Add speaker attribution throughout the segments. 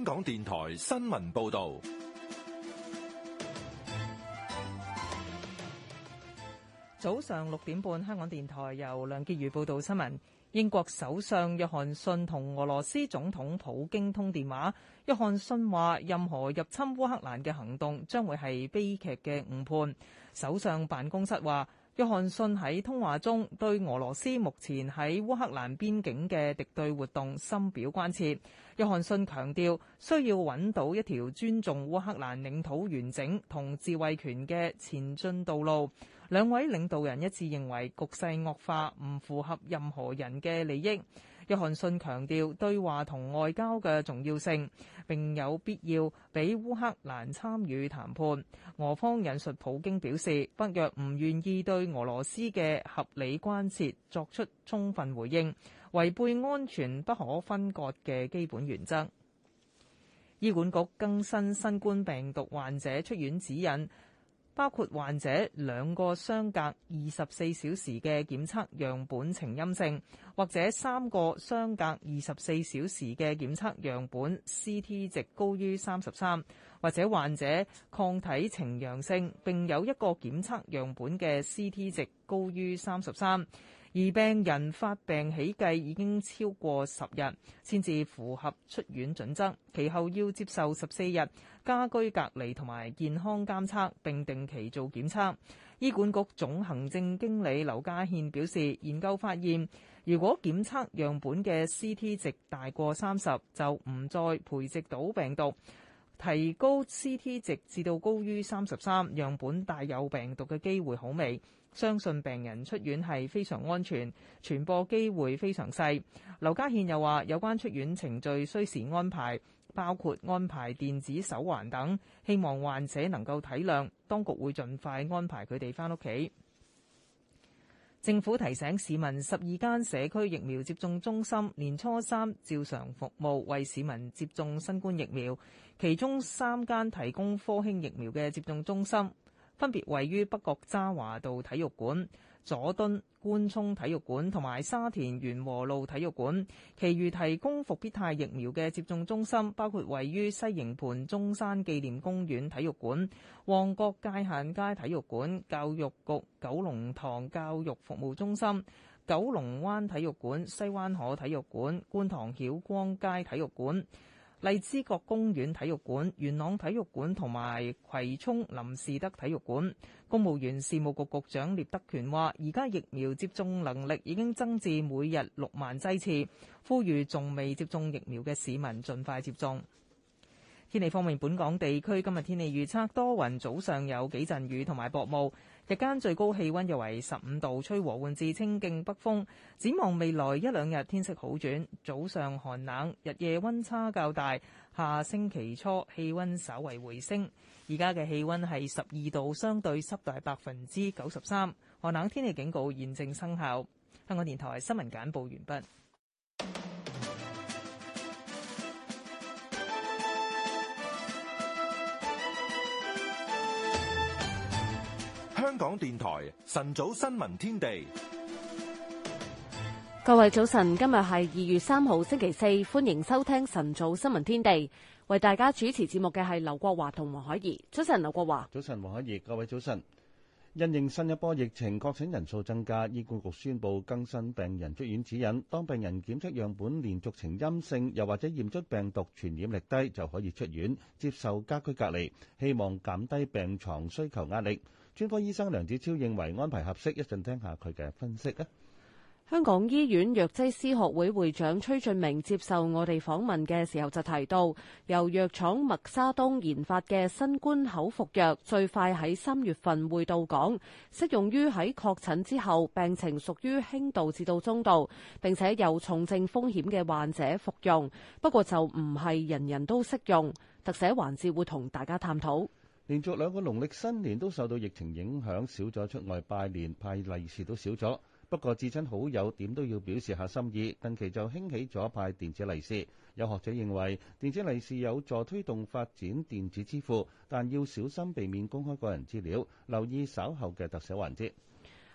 Speaker 1: 香港電臺新聞報道，
Speaker 2: 早上六點半，香港電臺由梁潔如報道新聞。英國首相約翰遜同俄羅斯總統普京通電話，約翰遜話：任何入侵烏克蘭嘅行動將會係悲劇嘅誤判。首相辦公室話。約翰遜喺通話中對俄羅斯目前喺烏克蘭邊境嘅敵對活動深表關切。約翰遜強調，需要揾到一條尊重烏克蘭領土完整同自衛權嘅前進道路。兩位領導人一致認為局勢惡化唔符合任何人嘅利益。約翰遜強調對話同外交嘅重要性，並有必要俾烏克蘭參與談判。俄方引述普京表示，北約唔願意對俄羅斯嘅合理關切作出充分回應，違背安全不可分割嘅基本原則。醫管局更新新冠病毒患者出院指引。包括患者兩個相隔二十四小時嘅檢測樣本呈陰性，或者三個相隔二十四小時嘅檢測樣本 CT 值高於三十三，或者患者抗體呈陽性，並有一個檢測樣本嘅 CT 值高於三十三，而病人發病起計已經超過十日，先至符合出院準則，其後要接受十四日。家居隔離同埋健康監測，並定期做檢測。醫管局總行政經理劉家憲表示，研究發現，如果檢測樣本嘅 CT 值大過三十，就唔再培植到病毒。提高 CT 值至到高於三十三，樣本帶有病毒嘅機會好微。相信病人出院係非常安全，傳播機會非常細。劉家憲又話：有關出院程序，需時安排。包括安排電子手環等，希望患者能夠體諒，當局會盡快安排佢哋返屋企。政府提醒市民，十二間社區疫苗接種中心年初三照常服務，為市民接種新冠疫苗，其中三間提供科興疫苗嘅接種中心，分別位於北角渣華道體育館、佐敦官涌體育館同埋沙田源禾路體育館，其餘提供復必泰疫苗嘅接種中心，包括位於西營盤中山紀念公園體育館、旺角界限街體育館、教育局九龍塘教育服務中心、九龍灣體育館、西灣河體育館、觀塘曉光街體育館。荔枝角公園體育館、元朗體育館同埋葵涌林士德體育館，公務員事務局局長聶德權話，而家疫苗接種能力已經增至每日六萬劑次，呼籲仲未接種疫苗嘅市民盡快接種。天氣方面，本港地區今日天氣預測多雲，早上有幾陣雨同埋薄霧。日間最高氣温約為十五度，吹和緩至清勁北風。展望未來一兩日天色好轉，早上寒冷，日夜温差較大。下星期初氣温稍為回升。而家嘅氣温係十二度，相對濕度係百分之九十三，寒冷天氣警告現正生效。香港電台新聞簡報完畢。
Speaker 1: 香港電台晨早新聞天地，
Speaker 3: 各位早晨，今日係二月三號星期四，歡迎收聽晨早新聞天地。為大家主持節目嘅係劉國華同黃海怡。早晨，劉國華。
Speaker 4: 早晨，黃海怡。各位早晨。因應新一波疫情確診人數增加，醫管局宣布更新病人出院指引，當病人檢測樣本連續呈陰性，又或者驗出病毒傳染力低，就可以出院接受家居隔離，希望減低病床需求壓力。專科醫生梁子超認為安排合適，一陣聽下佢嘅分析啊！香港醫
Speaker 3: 院藥劑師學會會長崔俊明接受我哋訪問嘅時候就提到，由藥廠默沙東研發嘅新冠口服藥最快喺三月份會到港，適用於喺確診之後病情屬於輕度至到中度，並且有重症風險嘅患者服用。不過就唔係人人都
Speaker 4: 適用，特寫環節會同大家探討。連續兩個農曆新年都受到疫情影響少，少咗出外拜年，派利是都少咗。不過至親好友點都要表示下心意，近期就興起咗派電子利是。有學者認為，電子利是有助推動發展電子支付，但要小心避免公開個人資料。留意稍後嘅特寫環節。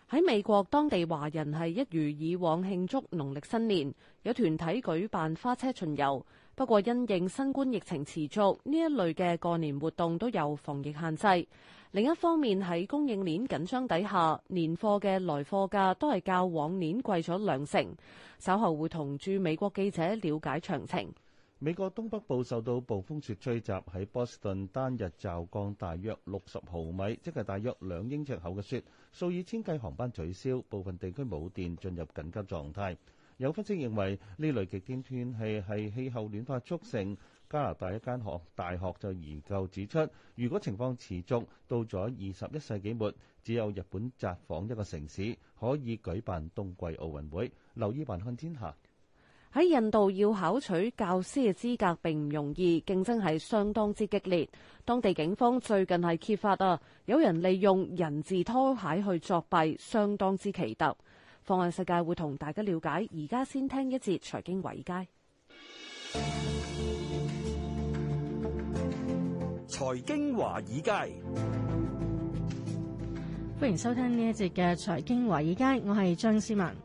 Speaker 4: 喺美國當地，華人係一如以往慶
Speaker 3: 祝農曆新年，有團體舉辦花車巡遊。不過，因應新冠疫情持續，呢一類嘅過年活動都有防疫限制。另一方面，喺供應鏈緊張底下，年貨嘅來貨價都係較往年貴咗兩成。稍後會同駐美國記者了解詳情。
Speaker 4: 美國東北部受到暴風雪吹襲，喺波士頓單日驟降大約六十毫米，即係大約兩英尺厚嘅雪，數以千計航班取消，部分地區冇電，進入緊急狀態。有分析認為呢類極端天氣係氣候暖化促成。加拿大一間大學就研究指出，如果情況持續到咗二十一世紀末，只有日本札幌一個城市可以舉辦冬季奧運會。留意《雲看天下》，
Speaker 3: 喺印度要考取教師嘅資格並唔容易，競爭係相當之激烈。當地警方最近係揭發啊，有人利用人字拖鞋去作弊，相當之奇特。放眼世界，會同大家了解。而家先聽一節財經華爾街。
Speaker 5: 財經華爾街，
Speaker 6: 歡迎收聽呢一節嘅財經華爾街，我係張思文。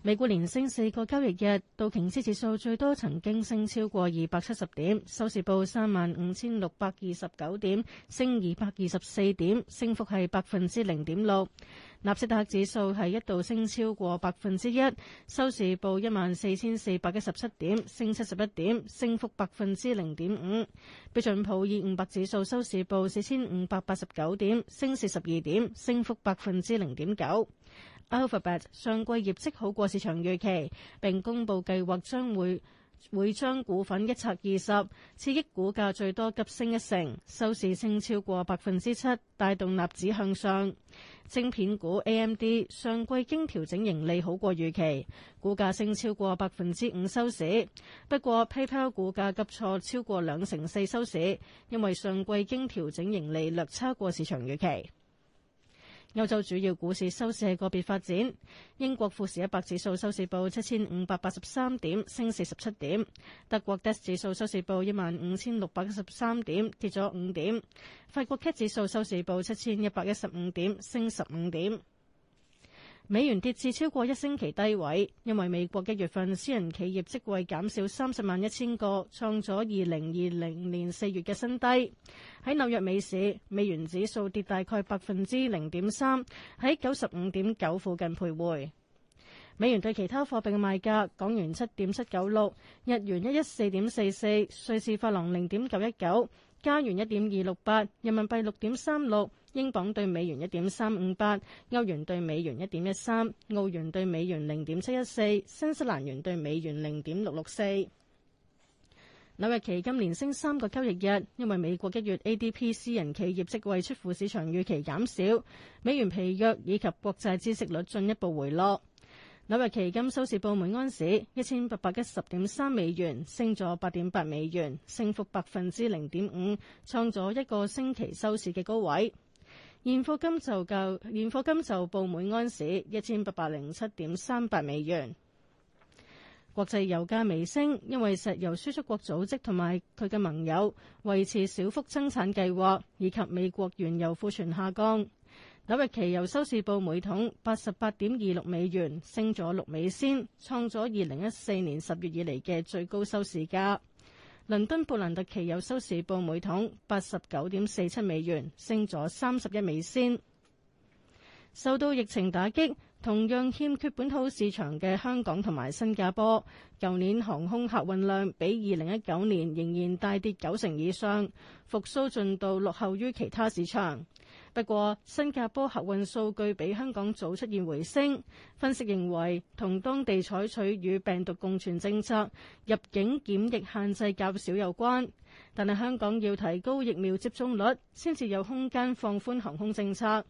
Speaker 6: 美股連升四個交易日，道瓊斯指數最多曾經升超過二百七十點，收市報三萬五千六百二十九點，升二百二十四點，升幅係百分之零點六。納斯達克指數係一度升超過百分之一，收市報一萬四千四百一十七點，升七十一點，升幅百分之零點五。標準普爾五百指數收市報四千五百八十九點，升四十二點，升幅百分之零點九。Alphabet 上季業績好過市場預期，並公布計劃將會會將股份一拆二十，刺激股價最多急升一成，收市升超過百分之七，帶動納指向上。晶片股 AMD 上季經調整盈利好過預期，股價升超過百分之五收市。不過 PayPal 股價急挫超過兩成四收市，因為上季經調整盈利略差過市場預期。歐洲主要股市收市係個別發展，英國富時一百指數收市報七千五百八十三點，升四十七點；德國 DAX 指數收市報一萬五千六百一十三點，跌咗五點；法國 CAC 指數收市報七千一百一十五點，升十五點。美元跌至超過一星期低位，因為美國一月份私人企業職位減少三十萬一千個，創咗二零二零年四月嘅新低。喺紐約美市，美元指數跌大概百分之零點三，喺九十五點九附近徘徊。美元對其他貨幣嘅賣價：港元七點七九六，日元一一四點四四，瑞士法郎零點九一九，加元一點二六八，人民幣六點三六。英鎊對美元一點三五八，歐元對美元一點一三，澳元對美元零點七一四，新西蘭元對美元零點六六四。紐約期金連升三個交易日，因為美國一月 ADP 私人企業職位出乎市場預期減少，美元疲弱以及國債孳息率進一步回落。紐約期金收市報每安士一千八百一十點三美元，升咗八點八美元，升幅百分之零點五，創咗一個星期收市嘅高位。現貨金就較現貨金就報每安士一千八百零七點三八美元。國際油價微升，因為石油輸出國組織同埋佢嘅盟友維持小幅增產計劃，以及美國原油庫存下降。紐約期油收市報每桶八十八點二六美元，升咗六美仙，創咗二零一四年十月以嚟嘅最高收市價。倫敦布蘭特期油收市報每桶八十九點四七美元，升咗三十一美仙。受到疫情打擊，同樣欠缺本土市場嘅香港同埋新加坡，舊年航空客運量比二零一九年仍然大跌九成以上，復蘇進度落後於其他市場。不過，新加坡客運數據比香港早出現回升，分析認為同當地採取與病毒共存政策、入境檢疫限制較少有關。但係香港要提高疫苗接種率，先至有空間放寬航空政策。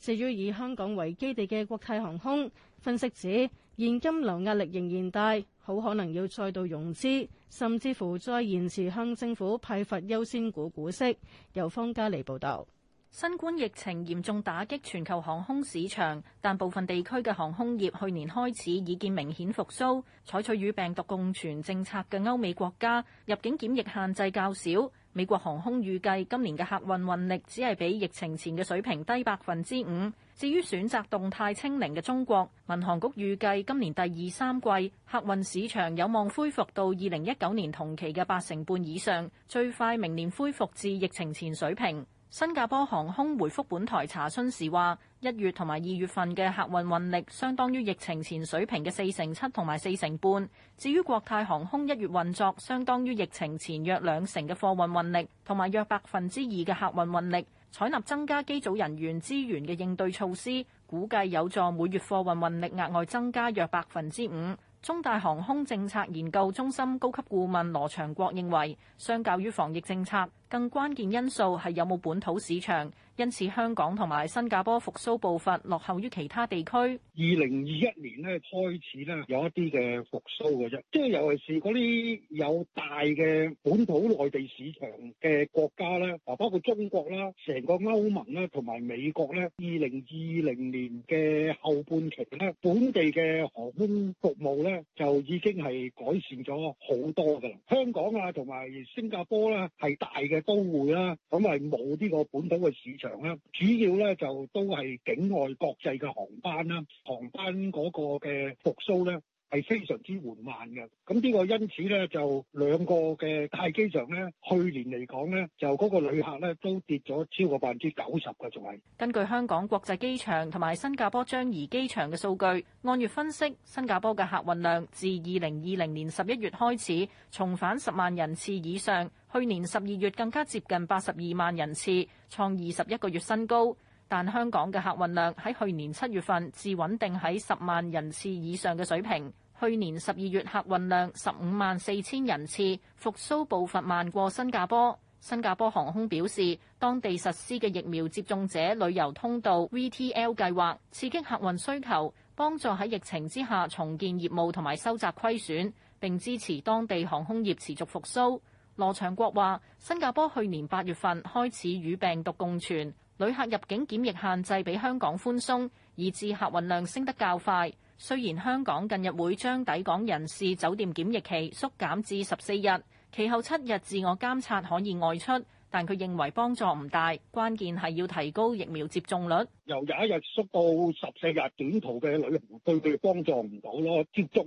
Speaker 6: 至於以香港為基地嘅國泰航空，分析指現金流壓力仍然大，好可能要再度融資，甚至乎再延遲向政府派發優先股股息。由方家利報道。新冠疫情嚴重
Speaker 7: 打擊全球航空市場，但部分地區嘅航空業去年開始已見明顯復甦。採取與病毒共存政策嘅歐美國家入境檢疫限制較少。美國航空預計今年嘅客運運力只係比疫情前嘅水平低百分之五。至於選擇動態清零嘅中國民航局預計今年第二、三季客運市場有望恢復到二零一九年同期嘅八成半以上，最快明年恢復至疫情前水平。新加坡航空回覆本台查詢時話，一月同埋二月份嘅客運運力相當於疫情前水平嘅四成七同埋四成半。至於國泰航空一月運作相當於疫情前約兩成嘅貨運運力同埋約百分之二嘅客運運力，採納增加機組人員資源嘅應對措施，估計有助每月貨運運力額外增加約百分之五。中大航空政策研究中心高級顧問羅長國認為，相較於防疫政策。更關鍵因素係有冇本土市場，因此香港同埋新加坡復蘇步伐落後於其他地區。
Speaker 8: 二零二一年咧開始咧有一啲嘅復蘇嘅啫，即係尤其是嗰啲有大嘅本土內地市場嘅國家咧，啊包括中國啦，成個歐盟啦，同埋美國咧，二零二零年嘅後半期咧，本地嘅航空服務咧就已經係改善咗好多㗎啦。香港啊同埋新加坡咧係大嘅。都會啦，咁係冇呢個本土嘅市場啦，主要咧就都係境外國際嘅航班啦，航班嗰個嘅復甦咧。係非常之緩慢嘅，咁呢個因此呢，就兩個嘅大機場呢，去年嚟講呢，就嗰個旅客呢，都跌咗超過百分之九十嘅，仲係。
Speaker 7: 根據香港國際機場同埋新加坡樟宜機場嘅數據，按月分析，新加坡嘅客運量自二零二零年十一月開始重返十萬人次以上，去年十二月更加接近八十二萬人次，創二十一個月新高。但香港嘅客運量喺去年七月份至穩定喺十萬人次以上嘅水平。去年十二月客運量十五萬四千人次，復蘇步伐慢過新加坡。新加坡航空表示，當地實施嘅疫苗接種者旅遊通道 （VTL） 計劃刺激客運需求，幫助喺疫情之下重建業務同埋收窄虧損，並支持當地航空業持續復蘇。羅祥國話：新加坡去年八月份開始與病毒共存。旅客入境檢疫限制比香港寬鬆，以致客運量升得較快。雖然香港近日會將抵港人士酒店檢疫期縮減至十四日，其後七日自我監察可以外出。但佢認為幫助唔大，關鍵係要提高疫苗接種率。
Speaker 8: 由廿一日縮到十四日，短途嘅旅行對佢嘅幫助唔到咯，接種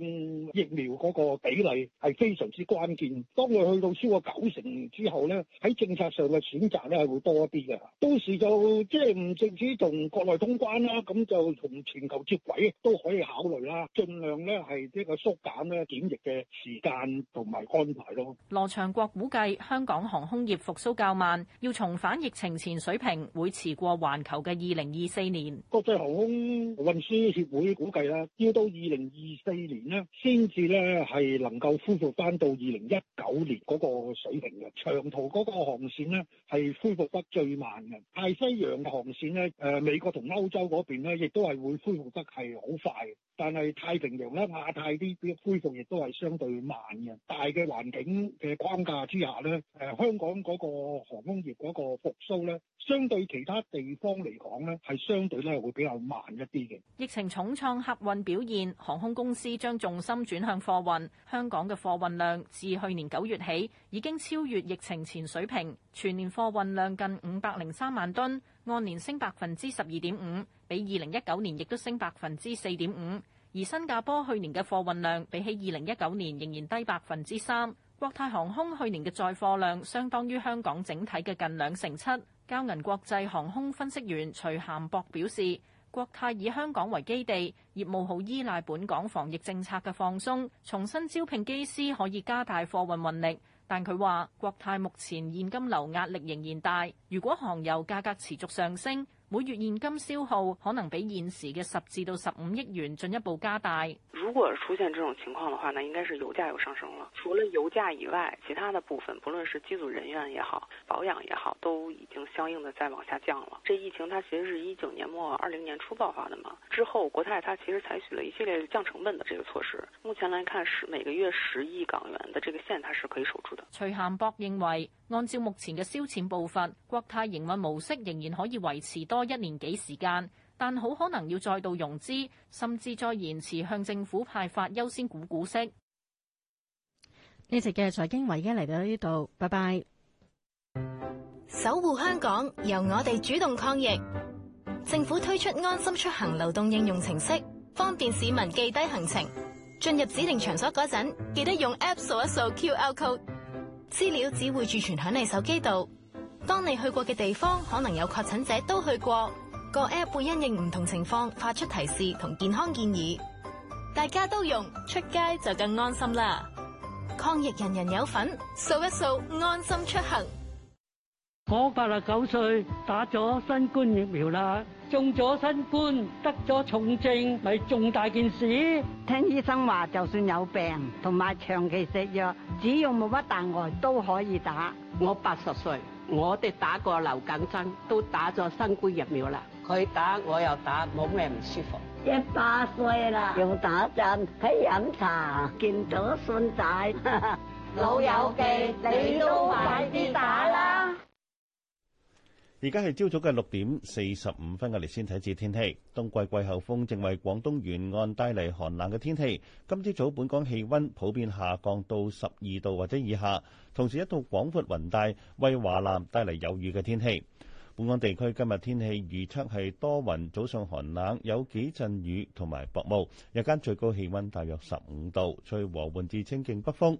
Speaker 8: 疫苗嗰個比例係非常之關鍵。當佢去到超過九成之後呢，喺政策上嘅選擇呢係會多啲嘅。到時就即係唔淨止同國內通關啦，咁就同全球接軌都可以考慮啦，儘量呢係呢個縮減呢檢疫嘅時間同埋安排咯。
Speaker 7: 羅長國估計香港航空業復甦較慢要重返疫情前水平，會遲過環球嘅二零二
Speaker 8: 四年。國際航空運輸協會估計啦，要到二零二四年呢先至咧係能夠恢復翻到二零一九年嗰個水平嘅。長途嗰個航線呢係恢復得最慢嘅，大西洋航線呢，誒，美國同歐洲嗰邊呢亦都係會恢復得係好快。但係太平洋咧，亞太啲恢復亦都係相對慢嘅。大嘅環境嘅框架之下呢，誒香港嗰個航空業嗰個復甦呢，相對其他地方嚟講呢係相對咧會比較慢一啲嘅。
Speaker 7: 疫情重創客運表現，航空公司將重心轉向貨運。香港嘅貨運量自去年九月起已經超越疫情前水平，全年貨運量近五百零三萬噸，按年升百分之十二點五，比二零一九年亦都升百分之四點五。而新加坡去年嘅貨運量比起二零一九年仍然低百分之三。國泰航空去年嘅載貨量相當於香港整體嘅近兩成七。交銀國際航空分析員徐咸博表示，國泰以香港為基地，業務好依賴本港防疫政策嘅放鬆，重新招聘機師可以加大貨運運力。但佢話，國泰目前現金流壓力仍然大，如果航油價格持續上升，每月現金消耗可能比現時嘅十至到十五億元進一步加大。
Speaker 2: 如果出現這種情況的話，那應該是油價又上升了。除了油價以外，其他的部分，無論是機組人員也好，保養也好，都已經相應的在往下降了。這疫情它其實是一九
Speaker 3: 年末二零年初爆發的嘛，之後國泰它其實採取了一系列降成本的這個措施。目前來看是每個月十億港元的這個線，它是可以守住的。
Speaker 7: 徐漢博認為，按照目前嘅燒錢步伐，國泰營運模式仍然可以維持多一年幾時間，但好可能要再度融資，甚至再延遲向政府派發優先股股息。
Speaker 6: 呢集嘅財經圍已經嚟到呢度，拜拜。守護香港，由我哋主動抗疫。
Speaker 7: 政府推出安心出行流動應用程式，方便市民記低行程。進入指定場所嗰陣，記得用 App 掃一掃 QR code，資料只會儲存響你手機度。當你去過嘅地方可能有確診者都去過，個 app 會因應唔同情況發出提示同健康建議，大家都用出街就更安心啦。抗疫人人有份，掃一掃安心出
Speaker 6: 行。
Speaker 3: 我八十九歲打咗新冠疫苗啦，中咗新冠得咗重症咪重大件事。聽醫生話，
Speaker 7: 就算有病同埋長期食藥，只要冇乜大礙都可以打。我八十歲。我哋打過流感針，都打咗新冠疫苗啦。佢
Speaker 6: 打，我又打，冇咩唔舒服。一
Speaker 3: 百歲啦，
Speaker 6: 又打針，去飲茶，見到信仔， 老友記，你都快啲打啦！
Speaker 4: 而家係朝早嘅六點四十五分，我哋先睇次天氣。冬季季候風正為廣東沿岸帶嚟寒冷嘅天氣。今朝早本港氣溫普遍下降到十二度或者以下，同時一道廣闊雲帶為華南帶嚟有雨嘅天氣。本港地區今日天氣預測係多雲，早上寒冷，有幾陣雨同埋薄霧，日間最高氣溫大約十五度，吹和緩至清勁北風。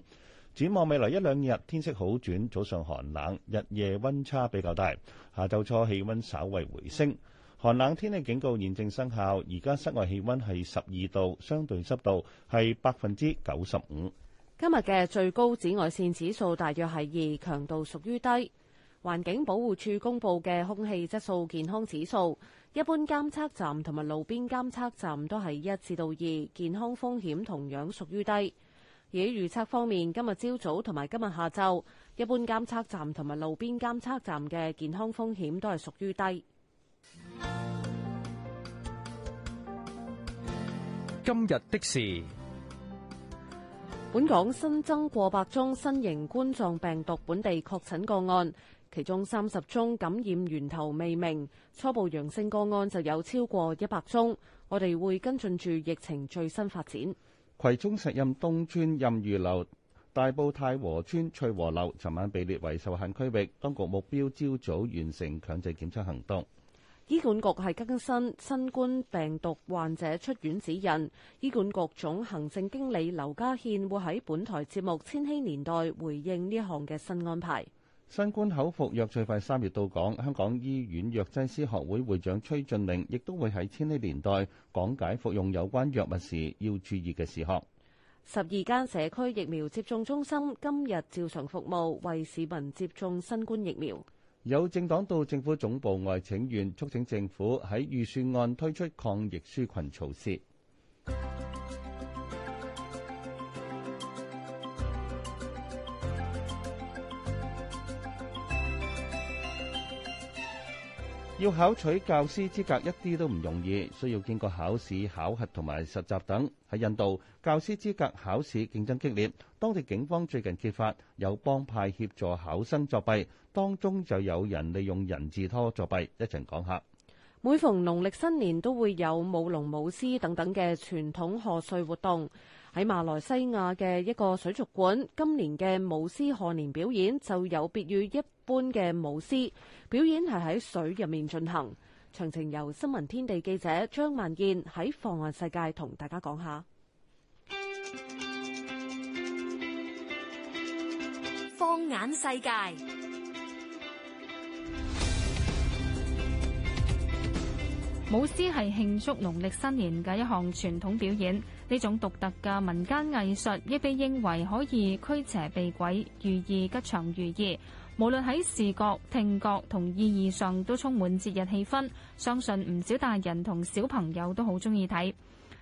Speaker 4: 展望未來一兩日天色好轉，早上寒冷，日夜溫差比較大。下週初氣溫稍為回升。寒冷天氣警告現正生效，而家室外氣溫係十二度，相對濕度係百分之九十五。
Speaker 3: 今日嘅最高紫外線指數大約係二，強度屬於低。環境保護署公布嘅空氣質素健康指數，一般監測站同埋路邊監測站都係一至到二，健康風險同樣屬於低。而喺預測方面，今日朝早同埋今日下晝，一般監測站同埋路邊監測站嘅健康風險都係屬於低。
Speaker 1: 今日的事，
Speaker 3: 本港新增過百宗新型冠狀病毒本地確診個案，其中三十宗感染源頭未明，初步陽性個案就有超過一百宗。我哋會跟進住疫情最新發展。
Speaker 4: 葵涌石任東村任餘樓、大埔太和村翠和樓，昨晚被列為受限區域，當局目標朝早完成強制檢測行動。
Speaker 3: 醫管局係更新新冠病毒患者出院指引，醫管局總行政經理劉家軒會喺本台節目《千禧年代》回應呢項嘅新安排。
Speaker 4: 新冠口服藥最快三月到港，香港醫院藥劑師學會會長崔俊明亦都會喺《千禧年代》講解服用有關藥物時要注意嘅事項。
Speaker 3: 十二間社區疫苗接種中心今日照常服務，為市民接種新冠疫苗。
Speaker 4: 有政黨到政府總部外請願，促請政府喺預算案推出抗疫紓困措施。要考取教師資格一啲都唔容易，需要經過考試考核同埋實習等。喺印度，教師資格考試競爭激烈，當地警方最近揭發有幫派協助考生作弊，當中就有人利用人字拖作弊。一齊講下，
Speaker 3: 每逢農曆新年都會有舞龍舞獅等等嘅傳統賀歲活動。喺馬來西亞嘅一個水族館，今年嘅舞獅賀年表演就有別於一般嘅舞獅表演，係喺水入面進行。詳情由新聞天地記者張萬健喺放眼世界同大家講下。
Speaker 9: 放眼世界。
Speaker 10: 舞獅係慶祝農曆新年嘅一項傳統表演，呢種獨特嘅民間藝術，亦被認為可以驅邪避鬼，寓意吉祥如意。無論喺視覺、聽覺同意義上，都充滿節日氣氛。相信唔少大人同小朋友都好中意睇。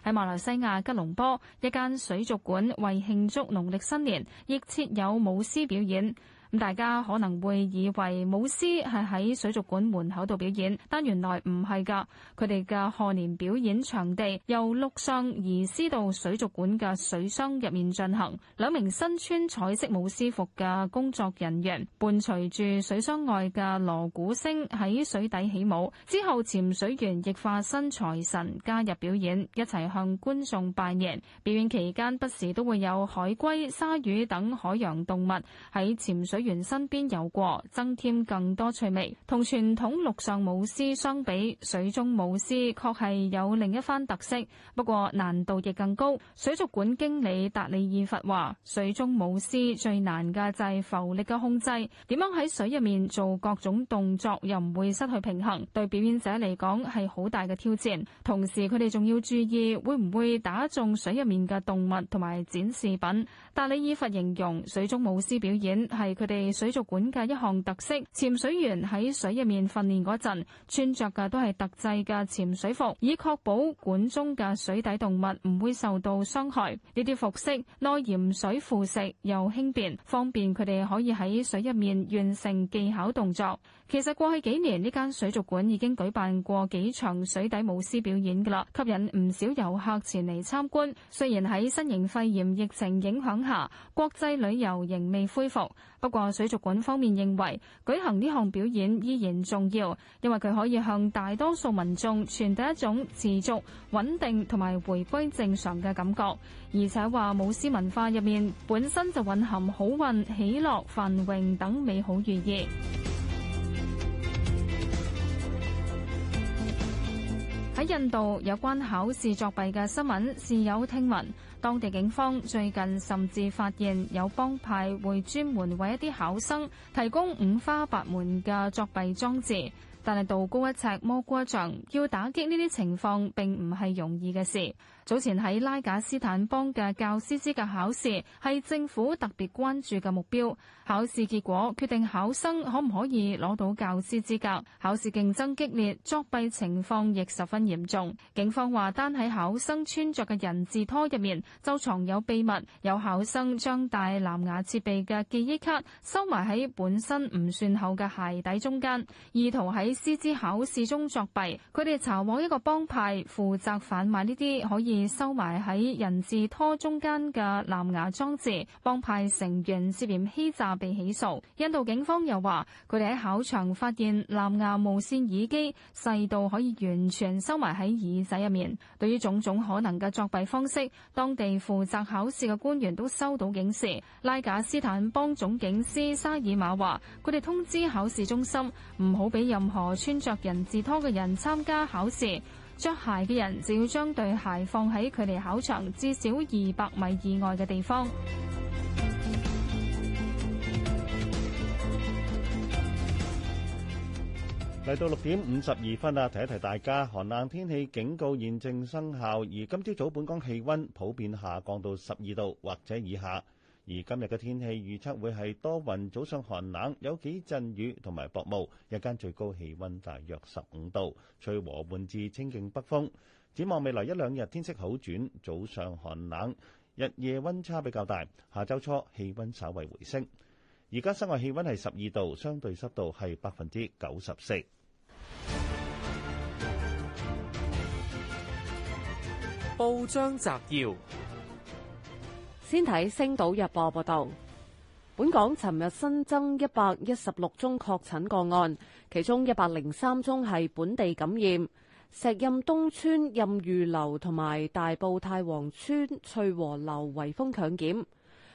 Speaker 10: 喺馬來西亞吉隆坡，一間水族館為慶祝農曆新年，亦設有舞獅表演。咁大家可能會以為舞獅係喺水族館門口度表演，但原來唔係㗎。佢哋嘅賀年表演場地由陸上移師到水族館嘅水箱入面進行。兩名身穿彩色舞獅服嘅工作人員，伴隨住水箱外嘅鑼鼓聲喺水底起舞。之後，潛水員亦化身財神加入表演，一齊向觀眾拜年。表演期間，不時都會有海龜、鯊魚等海洋動物喺潛水。員身邊游過，增添更多趣味。同傳統陸上舞獅相比，水中舞獅確係有另一番特色，不過難度亦更高。水族館經理達里爾佛話，水中舞獅最難嘅就係浮力嘅控制，點樣喺水入面做各種動作又唔會失去平衡，對表演者嚟講係好大嘅挑戰。同時佢哋仲要注意會唔會打中水入面嘅動物同埋展示品。達里爾佛形容水中舞獅表演係佢。地水族館嘅一項特色，潛水員喺水入面訓練嗰陣，穿着嘅都係特製嘅潛水服，以確保館中嘅水底動物唔會受到傷害。呢啲服飾耐鹽水腐蝕又輕便，方便佢哋可以喺水入面完成技巧動作。其實過去幾年呢間水族館已經舉辦過幾場水底舞獅表演㗎啦，吸引唔少遊客前嚟參觀。雖然喺新型肺炎疫情影響下，國際旅遊仍未恢復，不過水族館方面認為舉行呢項表演依然重要，因為佢可以向大多數民眾傳遞一種持續穩定同埋回歸正常嘅感覺，而且話舞獅文化入面本身就蘊含好運、喜樂、繁榮等美好寓意。喺印度有關考試作弊嘅新聞是有聽聞，當地警方最近甚至發現有幫派會專門為一啲考生提供五花八門嘅作弊裝置，但係道高一尺魔高一丈，要打擊呢啲情況並唔係容易嘅事。早前喺拉賈斯坦邦嘅教師資格考試係政府特別關注嘅目標，考試結果決定考生可唔可以攞到教師資格。考試競爭激烈，作弊情況亦十分嚴重。警方話，單喺考生穿着嘅人字拖入面就藏有秘密，有考生將帶藍牙設備嘅記憶卡收埋喺本身唔算厚嘅鞋底中間，意圖喺師資考試中作弊。佢哋查獲一個幫派負責販賣呢啲可以。收埋喺人字拖中間嘅藍牙裝置，幫派成員涉嫌欺詐被起訴。印度警方又話，佢哋喺考場發現藍牙無線耳機細到可以完全收埋喺耳仔入面。對於種種可能嘅作弊方式，當地負責考試嘅官員都收到警示。拉賈斯坦邦總警司沙爾瑪話，佢哋通知考試中心唔好俾任何穿着人字拖嘅人參加考試。着鞋嘅人就要將對鞋放喺距離考場至少二百米以外嘅地方。
Speaker 4: 嚟到六點五十二分啦，提一提大家，寒冷天氣警告現正生效，而今朝早本港氣溫普遍下降到十二度或者以下。而今日嘅天氣預測會係多雲，早上寒冷，有幾陣雨同埋薄霧，日間最高氣溫大約十五度，吹和緩至清勁北風。展望未來一兩日天色好轉，早上寒冷，日夜溫差比較大。下周初氣溫稍為回升。而家室外氣溫係十二度，相對濕度係百分之九十四。報章摘要。
Speaker 3: 先睇《星島日報》報道，本港尋日新增一百一十六宗確診個案，其中一百零三宗係本地感染。石蔭東村仁裕樓同埋大埔太和村翠和樓圍封強檢。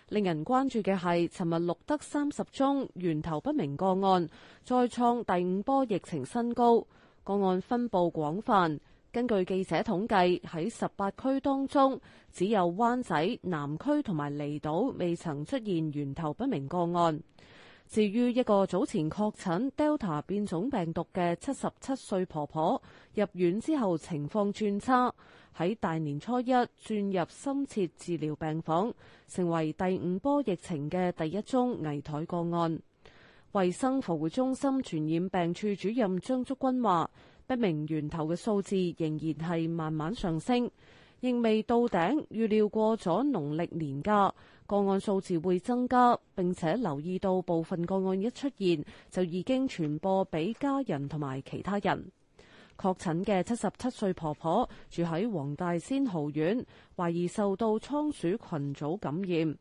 Speaker 3: 令人關注嘅係，尋日錄得三十宗源頭不明個案，再創第五波疫情新高。個案分布廣泛。根據記者統計，喺十八區當中，只有灣仔、南區同埋離島未曾出現源頭不明個案。至於一個早前確診 Delta 變種病毒嘅七十七歲婆婆，入院之後情況轉差，喺大年初一轉入深切治療病房，成為第五波疫情嘅第一宗危殆個案。衛生服務中心傳染病處主任張竹君話，不明源頭嘅數字仍然係慢慢上升，仍未到頂。預料過咗農曆年假，個案數字會增加，並且留意到部分個案一出現就已經傳播俾家人同埋其他人。確診嘅七十七歲婆婆住喺黃大仙豪苑，懷疑受到倉鼠群組感染。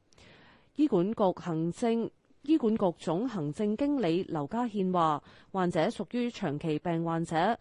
Speaker 3: 醫管局行政。醫管局總行政經理劉家憲話，患者屬於長期病患者，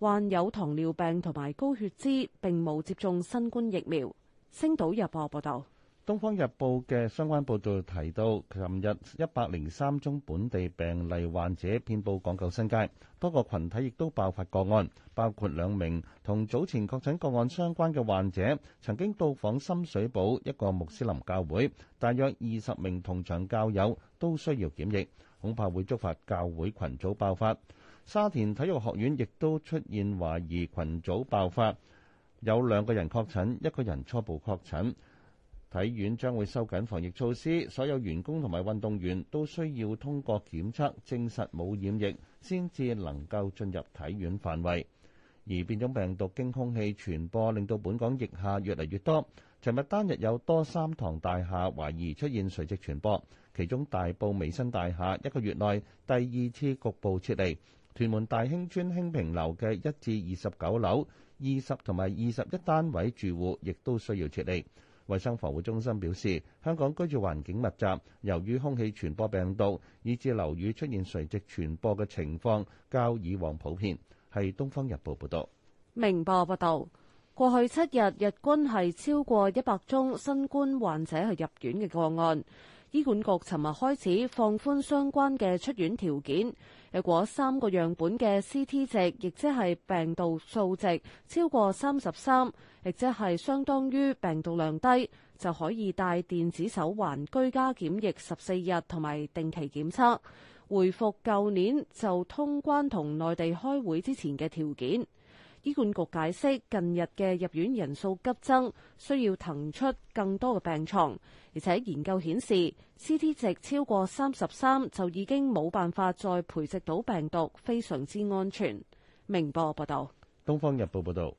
Speaker 3: 患有糖尿病同埋高血脂，並冇接種新冠疫苗。星島日報報道。
Speaker 4: 《東方日報》嘅相關報導提到，琴日一百零三宗本地病例患者遍佈港九新界，多個群體亦都爆發個案，包括兩名同早前確診個案相關嘅患者曾經到訪深水埗一個穆斯林教會，大約二十名同場教友都需要檢疫，恐怕會觸發教會群組爆發。沙田體育學院亦都出現懷疑群組爆發，有兩個人確診，一個人初步確診。體院將會收緊防疫措施，所有員工同埋運動員都需要通過檢測，證實冇染疫先至能夠進入體院範圍。而變種病毒經空氣傳播，令到本港疫下越嚟越多。尋日單日有多三幢大廈懷疑出現垂直傳播，其中大埔美新大廈一個月內第二次局部撤離，屯門大興村興平樓嘅一至二十九樓二十同埋二十一單位住戶亦都需要撤離。衛生防護中心表示，香港居住環境密集，由於空氣傳播病毒，以致樓宇出現垂直傳播嘅情況，較以往普遍。係《東方日報》報道。
Speaker 3: 明報報道，過去七日日均係超過一百宗新冠患者係入院嘅個案。醫管局尋日開始放寬相關嘅出院條件。如果三個樣本嘅 C T 值，亦即係病毒數值超過三十三，亦即係相當於病毒量低，就可以戴電子手環居家檢疫十四日，同埋定期檢測，回復舊年就通關同內地開會之前嘅條件。醫管局解釋，近日嘅入院人數急增，需要騰出更多嘅病牀。而且研究顯示，CT 值超過三十三就已經冇辦法再培植到病毒，非常之安全。明報報道，
Speaker 4: 《東方日報》報道。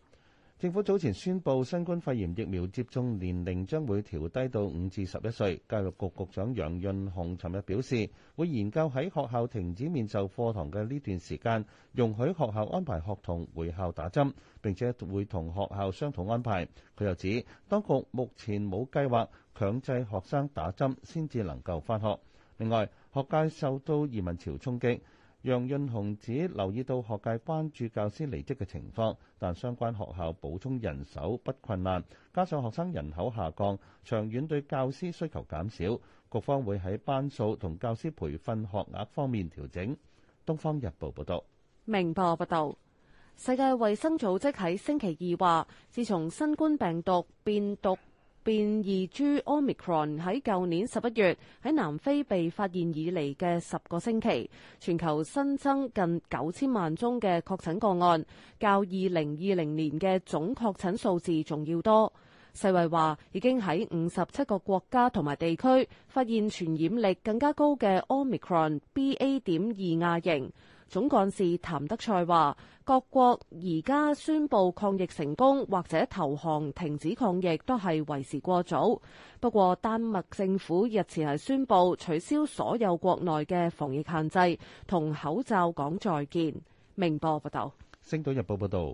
Speaker 4: 政府早前宣布，新冠肺炎疫苗接種年齡將會調低到五至十一歲。教育局局長楊潤雄尋日表示，會研究喺學校停止面授課堂嘅呢段時間，容許學校安排學童回校打針，並且會同學校相同安排。佢又指，當局目前冇計劃強制學生打針先至能夠返學。另外，學界受到移民潮衝擊。楊潤雄指，留意到學界關注教師離職嘅情況，但相關學校補充人手不困難，加上學生人口下降，長遠對教師需求減少，局方會喺班數同教師培訓學額方面調整。東方日報報道。
Speaker 3: 明報報道，世界衛生組織喺星期二話，自從新冠病毒變毒。變異株 Omicron 喺舊年十一月喺南非被發現以嚟嘅十個星期，全球新增近九千萬宗嘅確診個案，較二零二零年嘅總確診數字仲要多。世衞話已經喺五十七個國家同埋地區發現傳染力更加高嘅 Omicron BA. 2亞型。總幹事譚德塞話：各國而家宣布抗疫成功或者投降停止抗疫都係為時過早。不過丹麥政府日前係宣布取消所有國內嘅防疫限制，同口罩講再見。明報報道，
Speaker 4: 《星島日報》報道，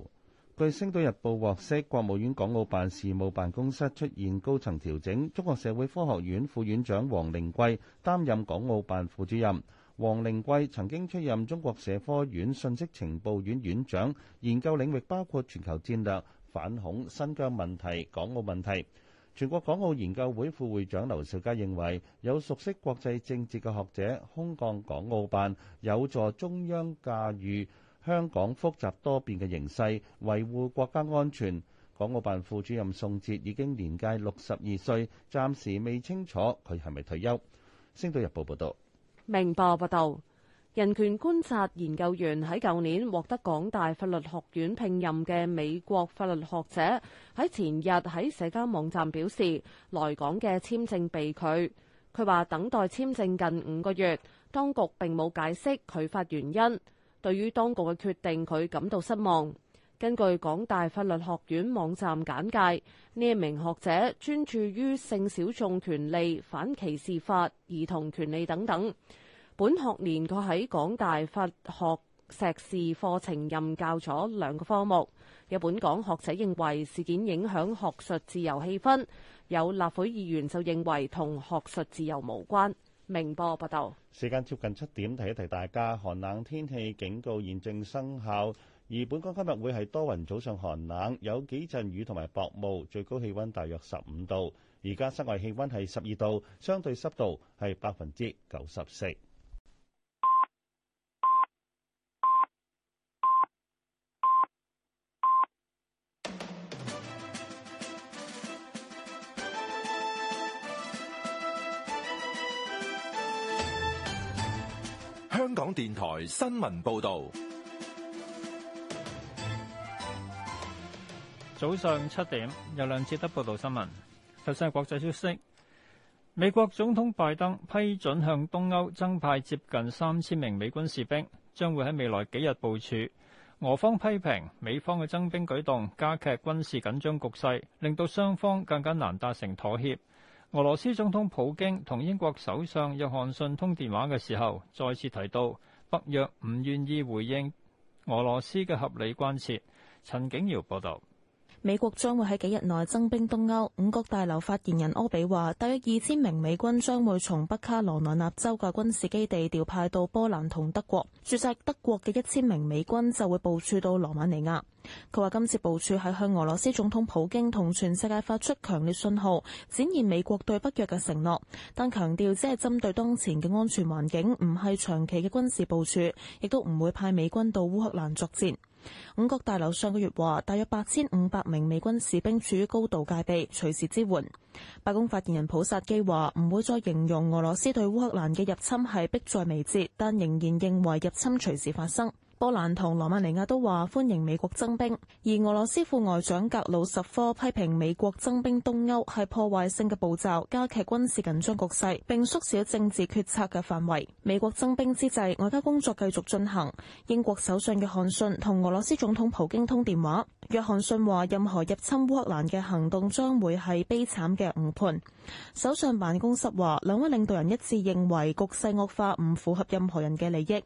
Speaker 4: 據《星島日報》獲悉，國務院港澳辦事務辦公室出現高層調整，中國社會科學院副院長王靈桂擔任港澳辦副主任。王靈桂曾經出任中國社科院，信息情報院院長，研究領域包括全球戰略、反恐、新疆問題、港澳問題。全國港澳研究會副會長劉兆佳認為有熟悉國際政治嘅學者空降港澳辦，有助中央駕馭香港複雜多變嘅形勢維護國家安全。港澳辦副主任宋哲已經年屆六十二歲暫時未清楚佢係咪退休。星島日報報道。
Speaker 3: 明報報道，人權觀察研究員喺舊年獲得港大法律學院聘任嘅美國法律學者喺前日喺社交網站表示，來港嘅簽證被拒。佢話等待簽證近五個月，當局並冇解釋拒發原因。對於當局嘅決定，佢感到失望。根據港大法律學院網站簡介，呢一名學者專注於性小眾權利、反歧視法、兒童權利等等。本學年佢喺港大法學碩士課程任教咗兩個科目。有本港學者認為事件影響學術自由氣氛，有立會議員就認為同學術自由無關。明波報道。
Speaker 4: 時間接近七點，提一提大家，寒冷天氣警告現正生效，而本港今日會係多雲，早上寒冷，有幾陣雨同埋薄霧，最高氣温大約十五度。而家室外氣温係十二度，相對濕度係百分之九十四。
Speaker 1: 香港電台新聞報道，
Speaker 11: 早上七點有兩次得報道新聞。首先係國際消息，美國總統拜登批准向東歐增派接近三千名美軍士兵，將會喺未來幾日部署。俄方批評美方嘅增兵舉動加劇軍事緊張局勢，令到雙方更加難達成妥協。俄羅斯總統普京同英國首相約翰遜通電話嘅時候，再次提到北約唔願意回應俄羅斯嘅合理關切。陳景瑤報道。
Speaker 12: 美國將會喺幾日內增兵東歐。五角大樓發言人柯比話，大約二千名美軍將會從北卡羅來納州嘅軍事基地調派到波蘭同德國。駐紮德國嘅一千名美軍就會部署到羅馬尼亞。佢話今次部署係向俄羅斯總統普京同全世界發出強烈信號，展現美國對北約嘅承諾，但強調只係針對當前嘅安全環境，唔係長期嘅軍事部署，亦都唔會派美軍到烏克蘭作戰。五角大樓上個月話，大約八千五百名美軍士兵處於高度戒備，隨時支援。白宮發言人普薩基話，唔會再形容俄羅斯對烏克蘭嘅入侵係迫在眉睫，但仍然認為入侵隨時發生。波蘭同羅馬尼亞都話歡迎美國增兵，而俄羅斯副外長格魯什科批評美國增兵東歐係破壞性嘅步驟，加劇軍事緊張局勢，並縮小政治決策嘅範圍。美國增兵之際，外交工作繼續進行。英國首相約翰遜同俄羅斯總統普京通電話，約翰遜話任何入侵烏克蘭嘅行動將會係悲慘嘅誤判。首相辦公室話，兩位領導人一致認為局勢惡化唔符合任何人嘅利益。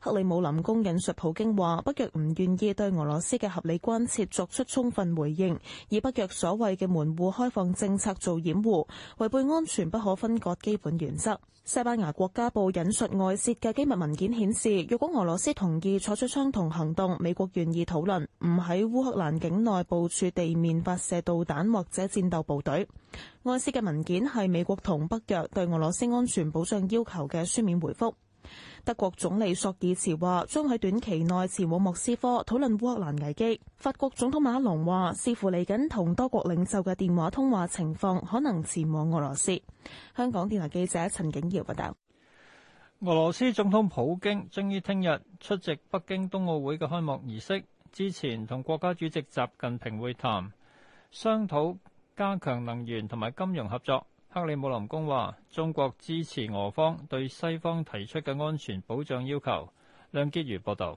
Speaker 12: 克里姆林宮引述。普京話北約唔願意對俄羅斯嘅合理關切作出充分回應，以北約所謂嘅門戶開放政策做掩護，違背安全不可分割基本原則。西班牙國家報引述外泄嘅機密文件顯示，若果俄羅斯同意採取相同行動，美國願意討論唔喺烏克蘭境內部署地面發射導彈或者戰鬥部隊。外泄嘅文件係美國同北約對俄羅斯安全保障要求嘅書面回覆。德國總理索爾茨話將喺短期內前往莫斯科討論烏克蘭危機。法國總統馬龍話視乎嚟緊同多國領袖嘅電話通話情況，可能前往俄羅斯。香港電台記者陳景堯報道。
Speaker 11: 俄羅斯總統普京終於聽日出席北京冬奧會嘅開幕儀式，之前同國家主席習近平會談，商討加強能源同埋金融合作。克里姆林宮話，中國支持俄方對西方提出嘅安全保障要求。
Speaker 2: 梁潔如報道，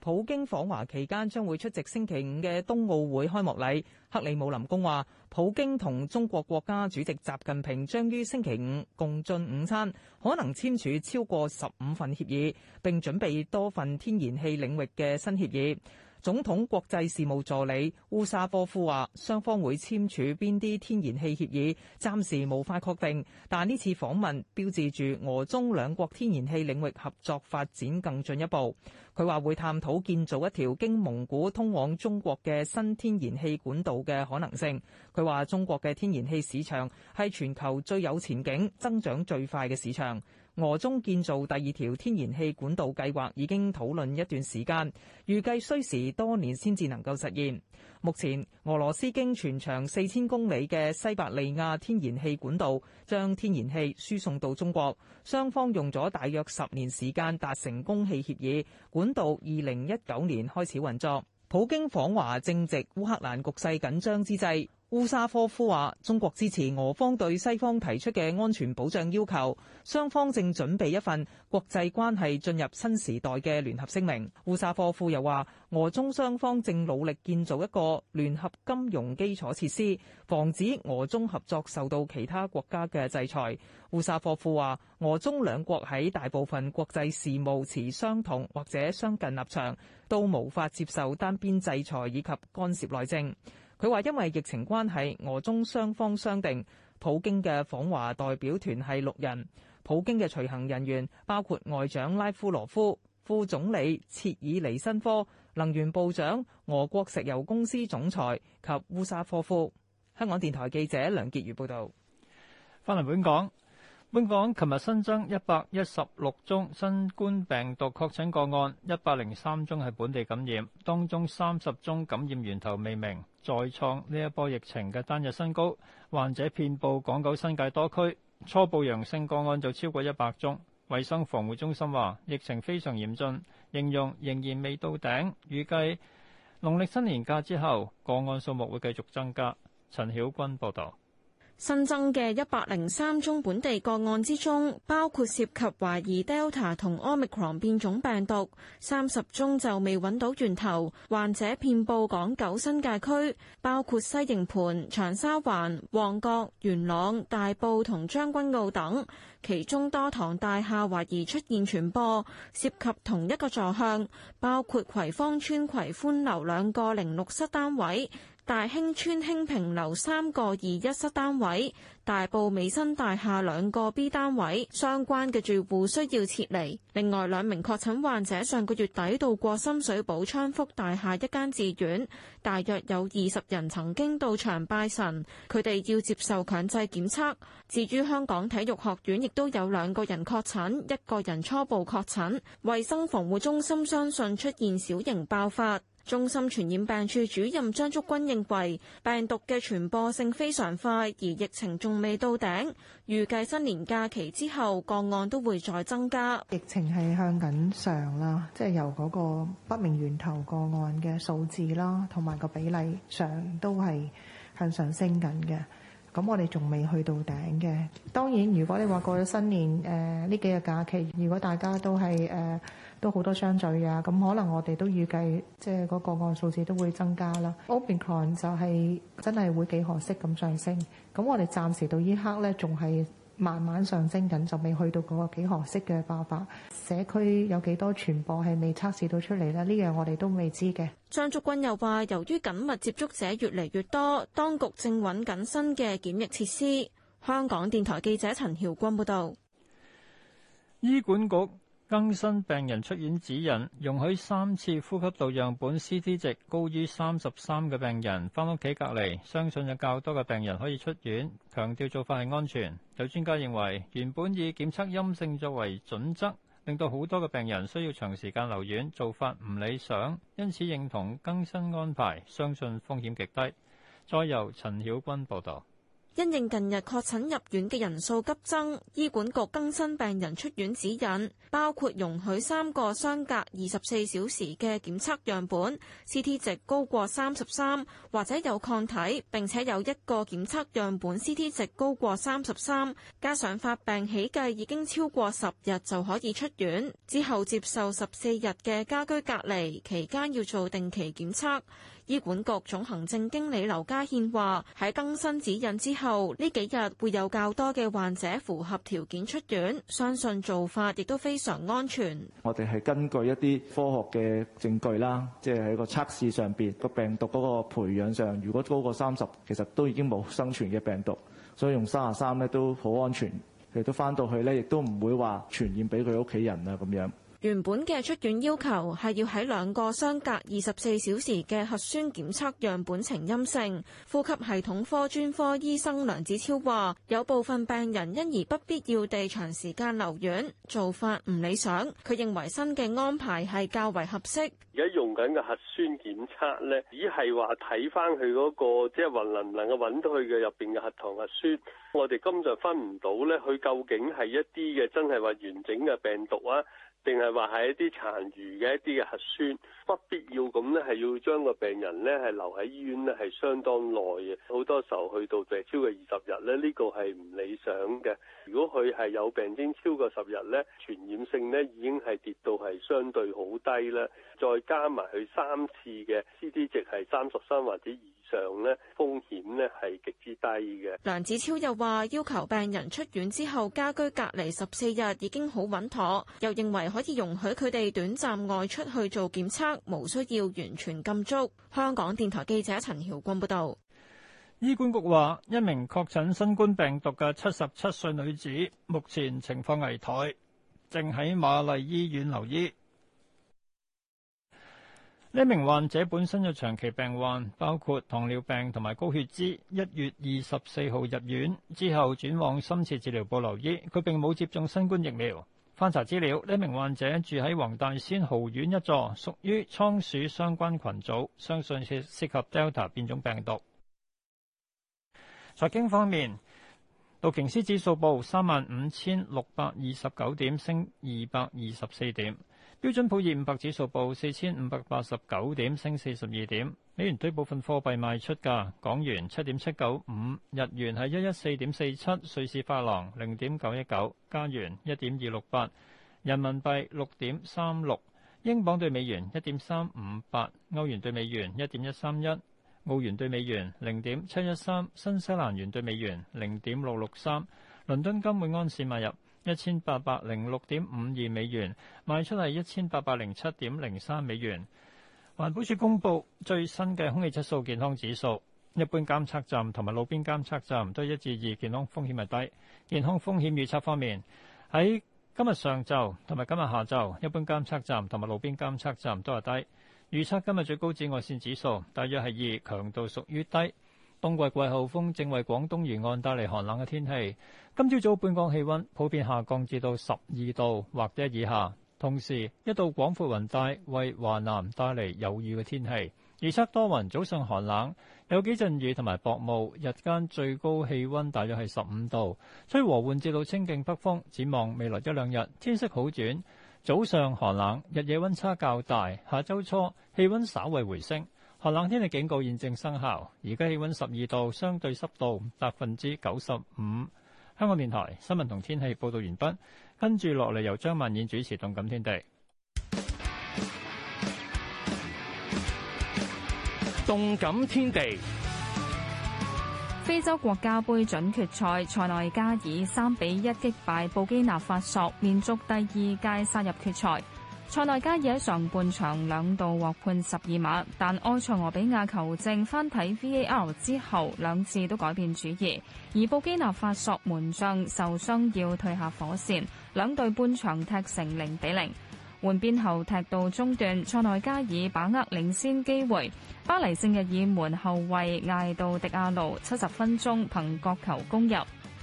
Speaker 2: 普京訪華期間將會出席星期五嘅冬奧會開幕禮。克里姆林宮話，普京同中國國家主席習近平將於星期五共進午餐，可能簽署超過十五份協議，並準備多份天然氣領域嘅新協議。總統國際事務助理烏沙波夫話：雙方會簽署邊啲天然氣協議，暫時無法確定。但呢次訪問標誌住俄中兩國天然氣領域合作發展更進一步。佢話會探討建造一條經蒙古通往中國嘅新天然氣管道嘅可能性。佢話中國嘅天然氣市場係全球最有前景、增長最快嘅市場。俄中建造第二條天然氣管道計劃已經討論一段時間，預計需時多年先至能夠實現。目前，俄羅斯經全長四千公里嘅西伯利亞天然氣管道，將天然氣輸送到中國，雙方用咗大約十年時間達成供氣協議，管道二零一九年開始運作。普京訪華正值烏克蘭局勢緊張之際。烏沙科夫話：中國支持俄方對西方提出嘅安全保障要求，雙方正準備一份國際關係進入新時代嘅聯合聲明。烏沙科夫又話：俄中雙方正努力建造一個聯合金融基礎設施，防止俄中合作受到其他國家嘅制裁。烏沙科夫話：俄中兩國喺大部分國際事務持相同或者相近立場，都無法接受單邊制裁以及干涉內政。佢話：因為疫情關係，俄中雙方商定，普京嘅訪華代表團係六人。普京嘅隨行人員包括外長拉夫羅夫、副總理切爾尼申科、能源部長、俄國石油公司總裁及烏沙科夫。香港電台記者梁潔如報導。翻嚟
Speaker 11: 本港。本港琴日新增一百一十六宗新冠病毒確診個案，一百零三宗係本地感染，當中三十宗感染源頭未明，再創呢一波疫情嘅單日新高。患者遍布港九新界多區，初步陽性個案就超過一百宗。衛生防護中心話疫情非常嚴峻，形容仍然未到頂，預計農曆新年假之後個案數目會繼續增加。陳曉君報道。
Speaker 13: 新增嘅一百零三宗本地個案之中，包括涉及懷疑 Delta 同 Omicron 變種病毒，三十宗就未揾到源頭。患者遍布港九新界區，包括西營盤、長沙灣、旺角、元朗、大埔同將軍澳等，其中多幢大廈懷疑出現傳播，涉及同一個座向，包括葵芳邨葵歡樓兩個零六室單位。大興村興平樓三個二一室單位、大埔美新大廈兩個 B 單位相關嘅住戶需要撤離。另外兩名確診患者上個月底到過深水埗昌福大廈一間寺院，大約有二十人曾經到場拜神，佢哋要接受強制檢測。至於香港體育學院，亦都有兩個人確診，一個人初步確診，衛生防護中心相信出現小型爆發。中心傳染病處主任張竹君認為，病毒嘅傳播性非常快，而疫情仲未到頂，預計新年假期之後個案都會再增加。
Speaker 12: 疫情係向緊上啦，即係由嗰個不明源頭個案嘅數字啦，同埋個比例上都係向上升緊嘅。咁我哋仲未去到頂嘅。當然，如果你話過咗新年，誒、呃、呢幾日假期，如果大家都係誒、呃、都好多相聚啊，咁可能我哋都預計即係嗰、那個案數字都會增加啦。Omicron 就係真係會幾可惜咁上升。咁我哋暫時到呢刻咧，仲係。慢慢上升緊，就未去到嗰個幾何式嘅爆發。社區有幾多
Speaker 9: 傳播係未測試到出嚟咧？呢樣我哋都未知嘅。
Speaker 13: 張竹君又話：由於緊密接觸者越嚟越多，當局正揾緊新嘅檢疫設施。香港電台記者陳曉君報道。
Speaker 11: 醫管局更新病人出院指引，容許三次呼吸道樣本 C T 值高於三十三嘅病人翻屋企隔離。相信有較多嘅病人可以出院，強調做法係安全。有專家認為，原本以檢測陰性作為準則，令到好多嘅病人需要長時間留院，做法唔理想。因此認同更新安排，相信風險極低。再由陳曉君報道。
Speaker 13: 因應近日確診入院嘅人數急增，醫管局更新病人出院指引，包括容許三個相隔二十四小時嘅檢測樣本，CT 值高過三十三或者有抗體，並且有一個檢測樣本 CT 值高過三十三，加上發病起計已經超過十日就可以出院，之後接受十四日嘅家居隔離，期間要做定期檢測。醫管局總行政經理劉家憲話：喺更新指引之後，呢幾日會有較多嘅患者符合條件出院，相信做法亦都非常安全。
Speaker 1: 我哋係根據一啲科學嘅證據啦，即係喺個測試上面個病毒嗰個培養上，如果高過三十，其實都已經冇生存嘅病毒，所以用三十三咧都好安全，佢都翻到去咧，亦都唔會話傳染俾佢屋企人啊，咁樣。
Speaker 13: 原本嘅出院要求係要喺兩個相隔二十四小時嘅核酸檢測樣本呈陰性。呼吸系統科專科醫生梁子超話，有部分病人因而不必要地長時間留院，做法唔理想。佢認為新嘅安排係較為合適。
Speaker 14: 而家用緊嘅核酸檢測呢，只係話睇翻佢嗰個即係話能唔能夠揾到佢嘅入邊嘅核糖核酸，我哋根本就分唔到呢，佢究竟係一啲嘅真係話完整嘅病毒啊。定係話係一啲殘餘嘅一啲嘅核酸，不必要咁呢係要將個病人呢係留喺醫院呢係相當耐嘅，好多時候去到就係超過二十日呢，呢個係唔理想嘅。如果佢係有病徵超過十日呢，傳染性呢已經係跌到係相對好低啦，再加埋佢三次嘅 Ct 值係三十三或者二。量呢風險呢係極之低嘅。
Speaker 13: 梁子超又話：要求病人出院之後家居隔離十四日已經好穩妥，又認為可以容許佢哋短暫外出去做檢測，無需要完全禁足。香港電台記者陳
Speaker 11: 曉君報道，醫管局話：一名確診新冠病毒嘅七十七歲女子，目前情況危殆，正喺瑪麗醫院留醫。呢名患者本身有長期病患，包括糖尿病同埋高血脂。一月二十四號入院之後，轉往深切治療部留醫。佢並冇接種新冠疫苗。翻查資料，呢名患者住喺黃大仙豪苑一座，屬於倉鼠相關群組，相信涉及 Delta 變種病毒。財經方面，道瓊斯指數報三萬五千六百二十九點，升二百二十四點。標準普爾五百指數報四千五百八十九點，升四十二點。美元對部分貨幣賣出價：港元七點七九五，日元係一一四點四七，瑞士法郎零點九一九，加元一點二六八，人民幣六點三六，英鎊對美元一點三五八，歐元對美元一點一三一，澳元對美元零點七一三，新西蘭元對美元零點六六三。倫敦金每安士賣入。一千八百零六點五二美元，賣出係一千八百零七點零三美元。環保署公布最新嘅空氣質素健康指數，一般監測站同埋路邊監測站都係一至二，健康風險係低。健康風險預測方面，喺今日上晝同埋今日下晝，一般監測站同埋路邊監測站都係低。預測今日最高紫外線指數大約係二，強度屬於低。冬季季候風正為廣東沿岸帶嚟寒冷嘅天氣，今朝早本港氣溫普遍下降至到十二度或者以下，同時一道廣闊雲帶為華南帶嚟有雨嘅天氣。預測多雲，早上寒冷，有幾陣雨同埋薄霧，日間最高氣溫大約係十五度，吹和緩至到清勁北風，展望未來一兩日天色好轉，早上寒冷，日夜溫差較大。下周初氣溫稍為回升。寒冷天氣警告現正生效，而家氣溫十二度，相對濕度百分之九十五。香港電台新聞同天氣報道完畢，跟住落嚟由張曼燕主持《動感天地》。動感天地。
Speaker 10: 非洲國家盃準決賽，塞內加爾三比一擊敗布基納法索，連續第二屆殺入決賽。塞內加爾上半場兩度獲判十二碼，但埃塞俄比亞球證翻睇 VAR 之後，兩次都改變主意。而布基納法索門將受傷要退下火線，兩隊半場踢成零比零。換邊後踢到中段，塞內加爾把握領先機會，巴黎聖日耳門後衛艾道迪亞路，七十分鐘憑角球攻入。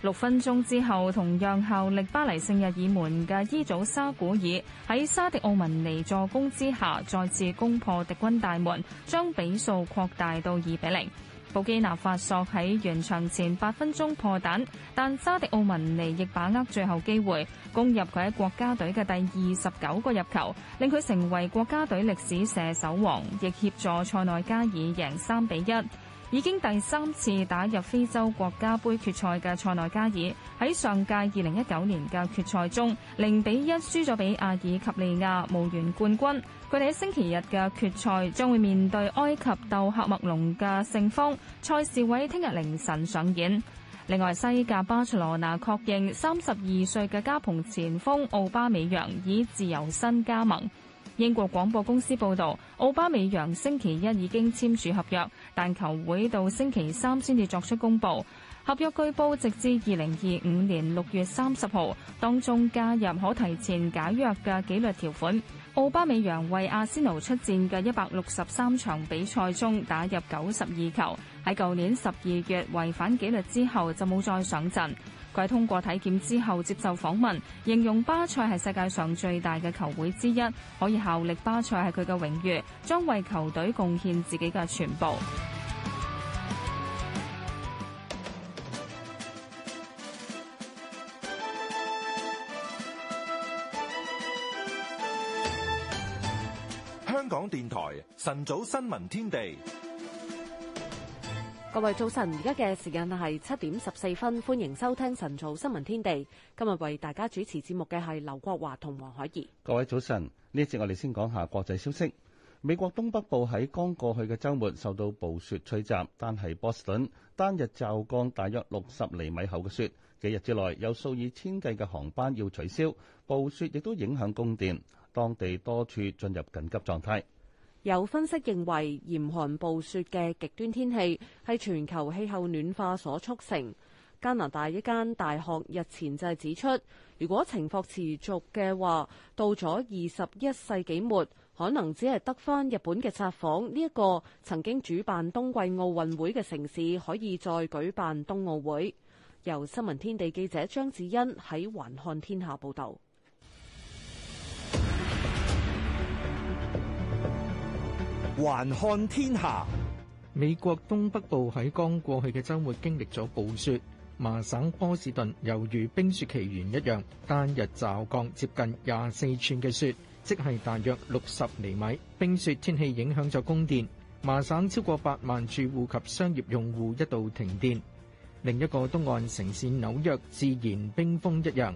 Speaker 10: 六分鐘之後，同樣效力巴黎聖日耳門嘅伊祖沙古爾喺沙迪奧文尼助攻之下，再次攻破敵軍大門，將比數擴大到二比零。布基納法索喺完場前八分鐘破蛋，但沙迪奧文尼亦把握最後機會，攻入佢喺國家隊嘅第二十九個入球，令佢成為國家隊歷史射手王，亦協助塞內加爾贏三比一。已經第三次打入非洲國家杯決賽嘅塞內加爾，喺上屆二零一九年嘅決賽中零比一輸咗俾阿爾及利亞，無緣冠軍。佢哋喺星期日嘅決賽將會面對埃及鬥喀麥隆嘅勝方，賽事位聽日凌晨上演。另外，西甲巴塞羅那確認三十二歲嘅加蓬前鋒奧巴美揚以自由身加盟。英國廣播公司報道，奧巴美揚星期一已經簽署合約，但球會到星期三先至作出公布。合約據報直至二零二五年六月三十號，當中加入可提前解約嘅紀律條款。奧巴美揚為阿仙奴出戰嘅一百六十三場比賽中，打入九十二球。喺舊年十二月違反紀律之後，就冇再上陣。佢通過體檢之後接受訪問，形容巴塞係世界上最大嘅球會之一，可以效力巴塞係佢嘅榮譽，將為球隊貢獻自己嘅全部。
Speaker 1: 香港電台晨早新聞天地。
Speaker 3: 各位早晨，而家嘅時間係七點十四分，歡迎收聽晨早新聞天地。今日為大家主持節目嘅係劉國華同黃海怡。
Speaker 4: 各位早晨，呢一節我哋先講下國際消息。美國東北部喺剛過去嘅周末受到暴雪吹襲，單係波士頓單日驟降大約六十厘米厚嘅雪，幾日之內有數以千計嘅航班要取消，暴雪亦都影響供電，當地多處進入緊急狀態。
Speaker 3: 有分析認為，嚴寒暴雪嘅極端天氣係全球氣候暖化所促成。加拿大一間大學日前就指出，如果情況持續嘅話，到咗二十一世紀末，可能只係得翻日本嘅札幌呢一個曾經主辦冬季奧運會嘅城市可以再舉辦冬奧會。由新聞天地記者張子欣喺環看天下報導。
Speaker 1: 還看天下，美國東北部喺剛過去嘅周末經歷咗暴雪，麻省波士頓猶如冰雪奇緣一樣，單日驟降接近廿四吋嘅雪，即係大約六十厘米。冰雪天氣影響咗供電，麻省超過八萬住戶及商業用戶一度停電。另一個東岸城市紐約，自然冰封一樣。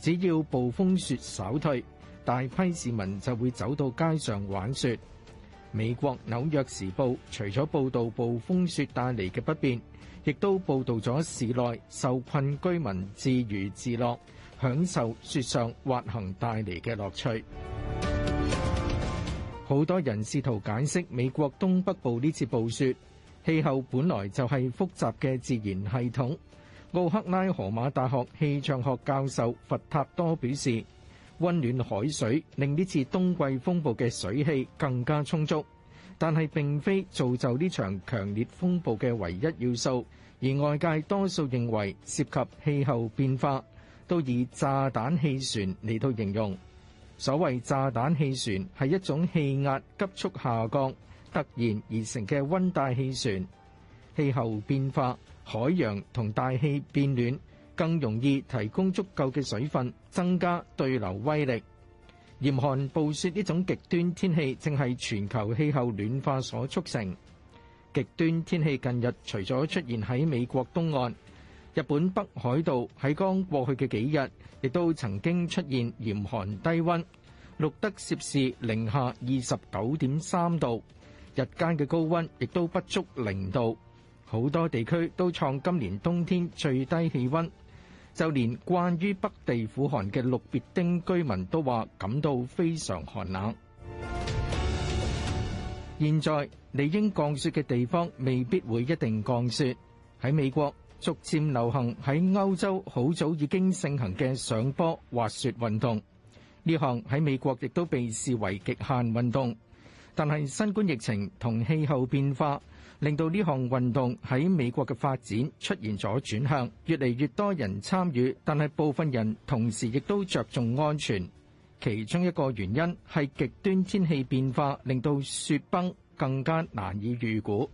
Speaker 1: 只要暴風雪稍退，大批市民就會走到街上玩雪。美國紐約時報除咗報導暴風雪帶嚟嘅不便，亦都報導咗市內受困居民自娛自樂，享受雪上滑行帶嚟嘅樂趣。好多人試圖解釋美國東北部呢次暴雪，氣候本來就係複雜嘅自然系統。奧克拉荷馬大學氣象學教授佛塔多表示，温暖海水令呢次冬季風暴嘅水汽更加充足，但係並非造就呢場強烈風暴嘅唯一要素。而外界多數認為涉及氣候變化，都以炸彈氣旋嚟到形容。所謂炸彈氣旋係一種氣壓急速下降、突然而成嘅温帶氣旋。氣候變化。海洋同大氣變暖，更容易提供足夠嘅水分，增加對流威力。嚴寒暴雪呢種極端天氣，正係全球氣候暖化所促成。極端天氣近日除咗出現喺美國東岸、日本北海道，喺剛過去嘅幾日，亦都曾經出現嚴寒低温，錄得攝氏零下二十九點三度，日間嘅高温亦都不足零度。好多地區都創今年冬天最低氣温，就連慣於北地苦寒嘅綠別丁居民都話感到非常寒冷。現在理應降雪嘅地方未必會一定降雪。喺美國逐漸流行，喺歐洲好早已經盛行嘅上坡滑雪運動，呢項喺美國亦都被視為極限運動。但係新冠疫情同氣候變化令到呢項運動喺美國嘅發展出現咗轉向，越嚟越多人參與，但係部分人同時亦都著重安全。其中一個原因係極端天氣變化令到雪崩更加難以預估。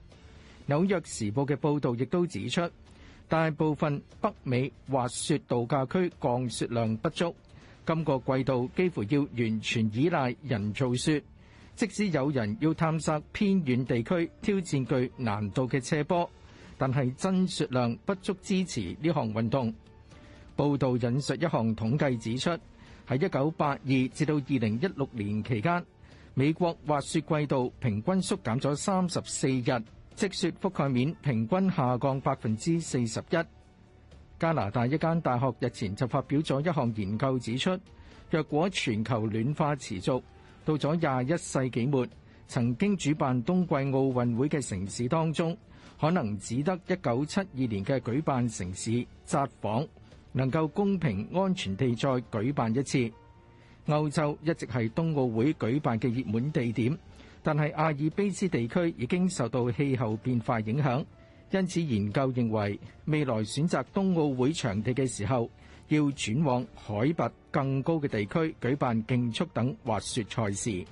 Speaker 1: 紐約時報嘅報導亦都指出，大部分北美滑雪度假區降雪量不足，今個季度幾乎要完全依賴人造雪。即使有人要探索偏遠地區挑戰具難度嘅斜坡，但係真雪量不足支持呢項運動。報道引述一項統計指出，喺一九八二至到二零一六年期間，美國滑雪季度平均縮減咗三十四日，積雪覆蓋面平均下降百分之四十一。加拿大一間大學日前就發表咗一項研究指出，若果全球暖化持續。到咗廿一世紀末，曾經主辦冬季奧運會嘅城市當中，可能只得一九七二年嘅舉辦城市札幌能夠公平安全地再舉辦一次。歐洲一直係冬奧會舉辦嘅熱門地點，但係阿爾卑斯地區已經受到氣候變化影響，因此研究認為未來選擇冬奧會場地嘅時候。要轉往海拔更高嘅地區舉辦競速等滑雪賽事。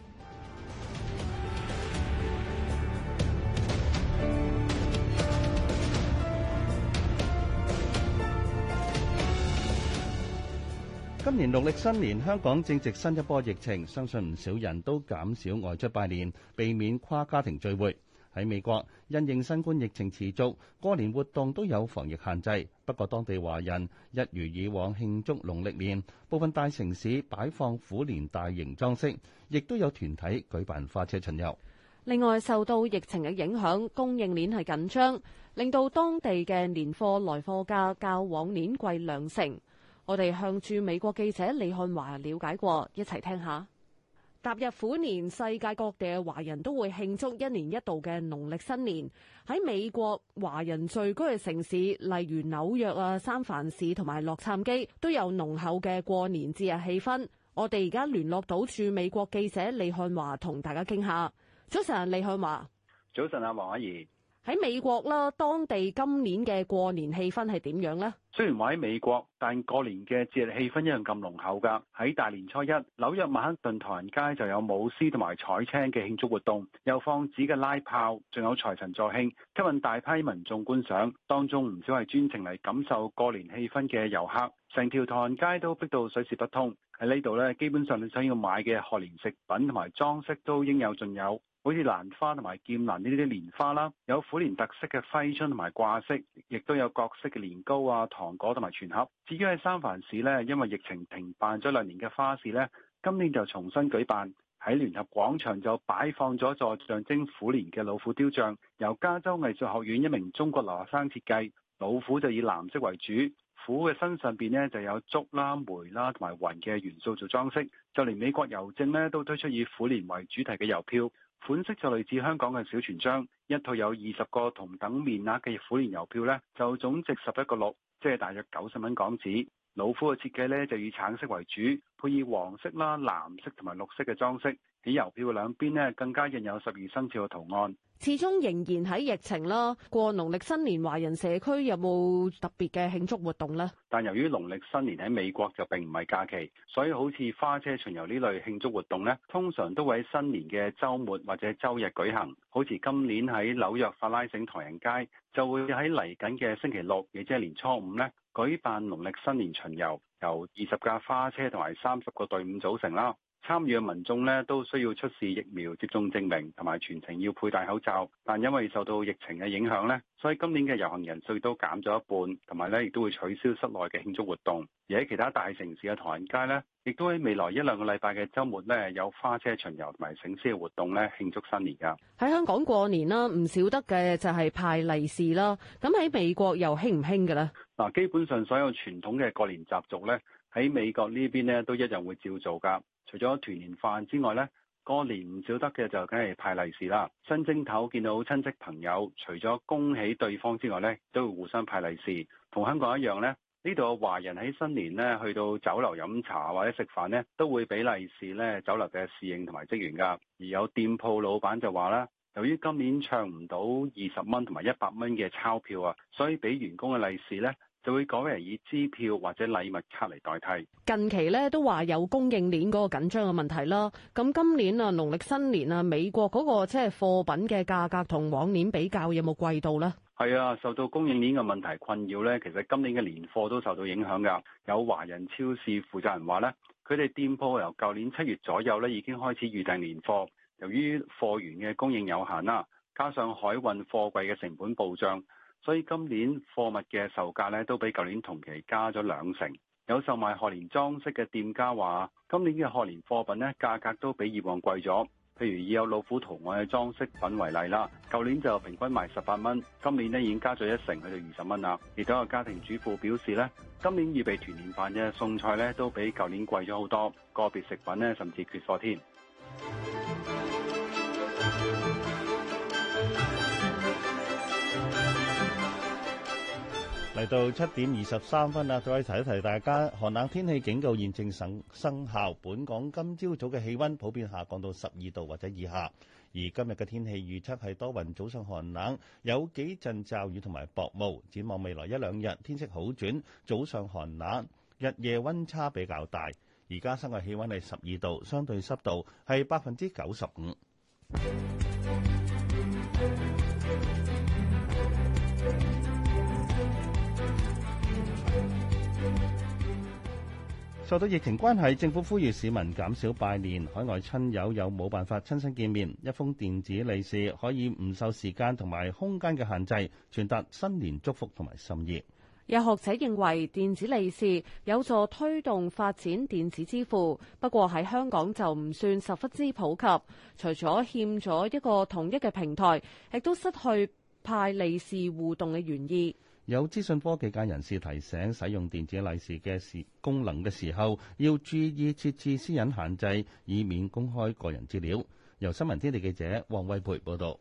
Speaker 4: 今年農曆新年，香港正值新一波疫情，相信唔少人都減少外出拜年，避免跨家庭聚會。喺美國，因應新冠疫情持續，過年活動都有防疫限制。不過，當地華人一如以往慶祝農曆年，部分大城市擺放虎年大型裝飾，亦都有團體舉辦花車巡遊。
Speaker 3: 另外，受到疫情嘅影響，供應鏈係緊張，令到當地嘅年貨來貨價較往年貴兩成。我哋向駐美國記者李漢華了解過，一齊聽一下。踏入虎年，世界各地嘅華人都會慶祝一年一度嘅農曆新年。喺美國華人聚居嘅城市，例如紐約啊、三藩市同埋洛杉磯，都有濃厚嘅過年節日氣氛。我哋而家聯絡到駐美國記者李漢華，同大家傾下。早晨，李漢華。
Speaker 15: 早晨，阿黃阿姨。
Speaker 3: 喺美國啦，當地今年嘅過年氣氛係點樣呢？
Speaker 15: 雖然話喺美國，但過年嘅節日氣氛一樣咁濃厚噶。喺大年初一，紐約曼克頓唐人街就有舞獅同埋彩青嘅慶祝活動，又放紙嘅拉炮，仲有財神助興，吸引大批民眾觀賞。當中唔少係專程嚟感受過年氣氛嘅遊客，成條唐人街都逼到水泄不通。喺呢度呢，基本上你想要買嘅賀年食品同埋裝飾都應有盡有。好似蘭花同埋劍蘭呢啲蓮花啦，有虎年特色嘅揮春同埋掛飾，亦都有各式嘅年糕啊、糖果同埋全盒。至於喺三藩市呢，因為疫情停辦咗兩年嘅花市呢，今年就重新舉辦，喺聯合廣場就擺放咗座象徵虎年嘅老虎雕像，由加州藝術學院一名中國留學生設計。老虎就以藍色為主，虎嘅身上邊呢就有竹啦、梅啦同埋雲嘅元素做裝飾。就連美國郵政呢都推出以虎年為主題嘅郵票。款式就類似香港嘅小船章，一套有二十個同等面額嘅虎年郵票咧，就總值十一個六，即係大約九十蚊港紙。老虎嘅設計咧就以橙色為主，配以黃色啦、藍色同埋綠色嘅裝飾。喺郵票兩邊更加印有十二生肖嘅圖案。
Speaker 3: 始終仍然喺疫情啦，過農曆新年華人社區有冇特別嘅慶祝活動呢？
Speaker 15: 但由於農曆新年喺美國就並唔係假期，所以好似花車巡遊呢類慶祝活動呢，通常都會喺新年嘅週末或者周日舉行。好似今年喺紐約法拉盛唐人街，就會喺嚟緊嘅星期六，亦即係年初五呢，舉辦農曆新年巡遊，由二十架花車同埋三十個隊伍組成啦。參與嘅民眾呢都需要出示疫苗接種證明，同埋全程要佩戴口罩。但因為受到疫情嘅影響呢，所以今年嘅遊行人數都減咗一半，同埋呢亦都會取消室內嘅慶祝活動。而喺其他大城市嘅唐人街呢，亦都喺未來一兩個禮拜嘅週末呢，有花車巡遊同埋醒獅嘅活動呢慶祝新年㗎。
Speaker 3: 喺香港過年啦，唔少得嘅就係派利是啦。咁喺美國又興唔興㗎呢？
Speaker 15: 嗱，基本上所有傳統嘅過年習俗呢。喺美國呢邊咧，都一樣會照做㗎，除咗團年飯之外咧，過年唔少得嘅就梗係派利是啦。新正頭見到親戚朋友，除咗恭喜對方之外呢都會互相派利是。同香港一樣咧，呢度嘅華人喺新年咧，去到酒樓飲茶或者食飯呢都會俾利是咧，酒樓嘅侍應同埋職員㗎。而有店鋪老闆就話咧，由於今年唱唔到二十蚊同埋一百蚊嘅鈔票啊，所以俾員工嘅利是呢。就會改為以支票或者禮物卡嚟代替。
Speaker 3: 近期咧都話有供應鏈嗰個緊張嘅問題啦。咁今年啊，農曆新年啊，美國嗰個即係貨品嘅價格同往年比較有冇貴到呢？
Speaker 15: 係啊，受到供應鏈嘅問題困擾咧，其實今年嘅年貨都受到影響㗎。有華人超市負責人話咧，佢哋店鋪由舊年七月左右咧已經開始預訂年貨，由於貨源嘅供應有限啦，加上海運貨櫃嘅成本暴漲。所以今年貨物嘅售價都比舊年同期加咗兩成，有售賣賀年裝飾嘅店家話，今年嘅賀年貨品咧價格都比以往貴咗。譬如以有老虎圖案嘅裝飾品為例啦，舊年就平均賣十八蚊，今年已經加咗一成去到二十蚊啦。亦都有家庭主婦表示今年預備團年飯嘅餸菜都比舊年貴咗好多，個別食品甚至缺貨添。
Speaker 4: 嚟到七點二十三分啦，再提一提大家，寒冷天氣警告現正生生效。本港今朝早嘅氣温普遍下降到十二度或者以下，而今日嘅天氣預測係多雲，早上寒冷，有幾陣驟雨同埋薄霧。展望未來一兩日天，天色好轉，早上寒冷，日夜温差比較大。而家室外氣温係十二度，相對濕度係百分之九十五。受到疫情關係，政府呼籲市民減少拜年，海外親友有冇辦法親身見面？一封電子利是可以唔受時間同埋空間嘅限制，傳達新年祝福同埋心意。
Speaker 3: 有學者認為電子利是有助推動發展電子支付，不過喺香港就唔算十分之普及，除咗欠咗一個統一嘅平台，亦都失去派利是互動嘅原意。
Speaker 4: 有資訊科技界人士提醒，使用電子利是嘅功能嘅時候，要注意設置私隱限制，以免公開個人資料。由新聞天地記者黃威培報道。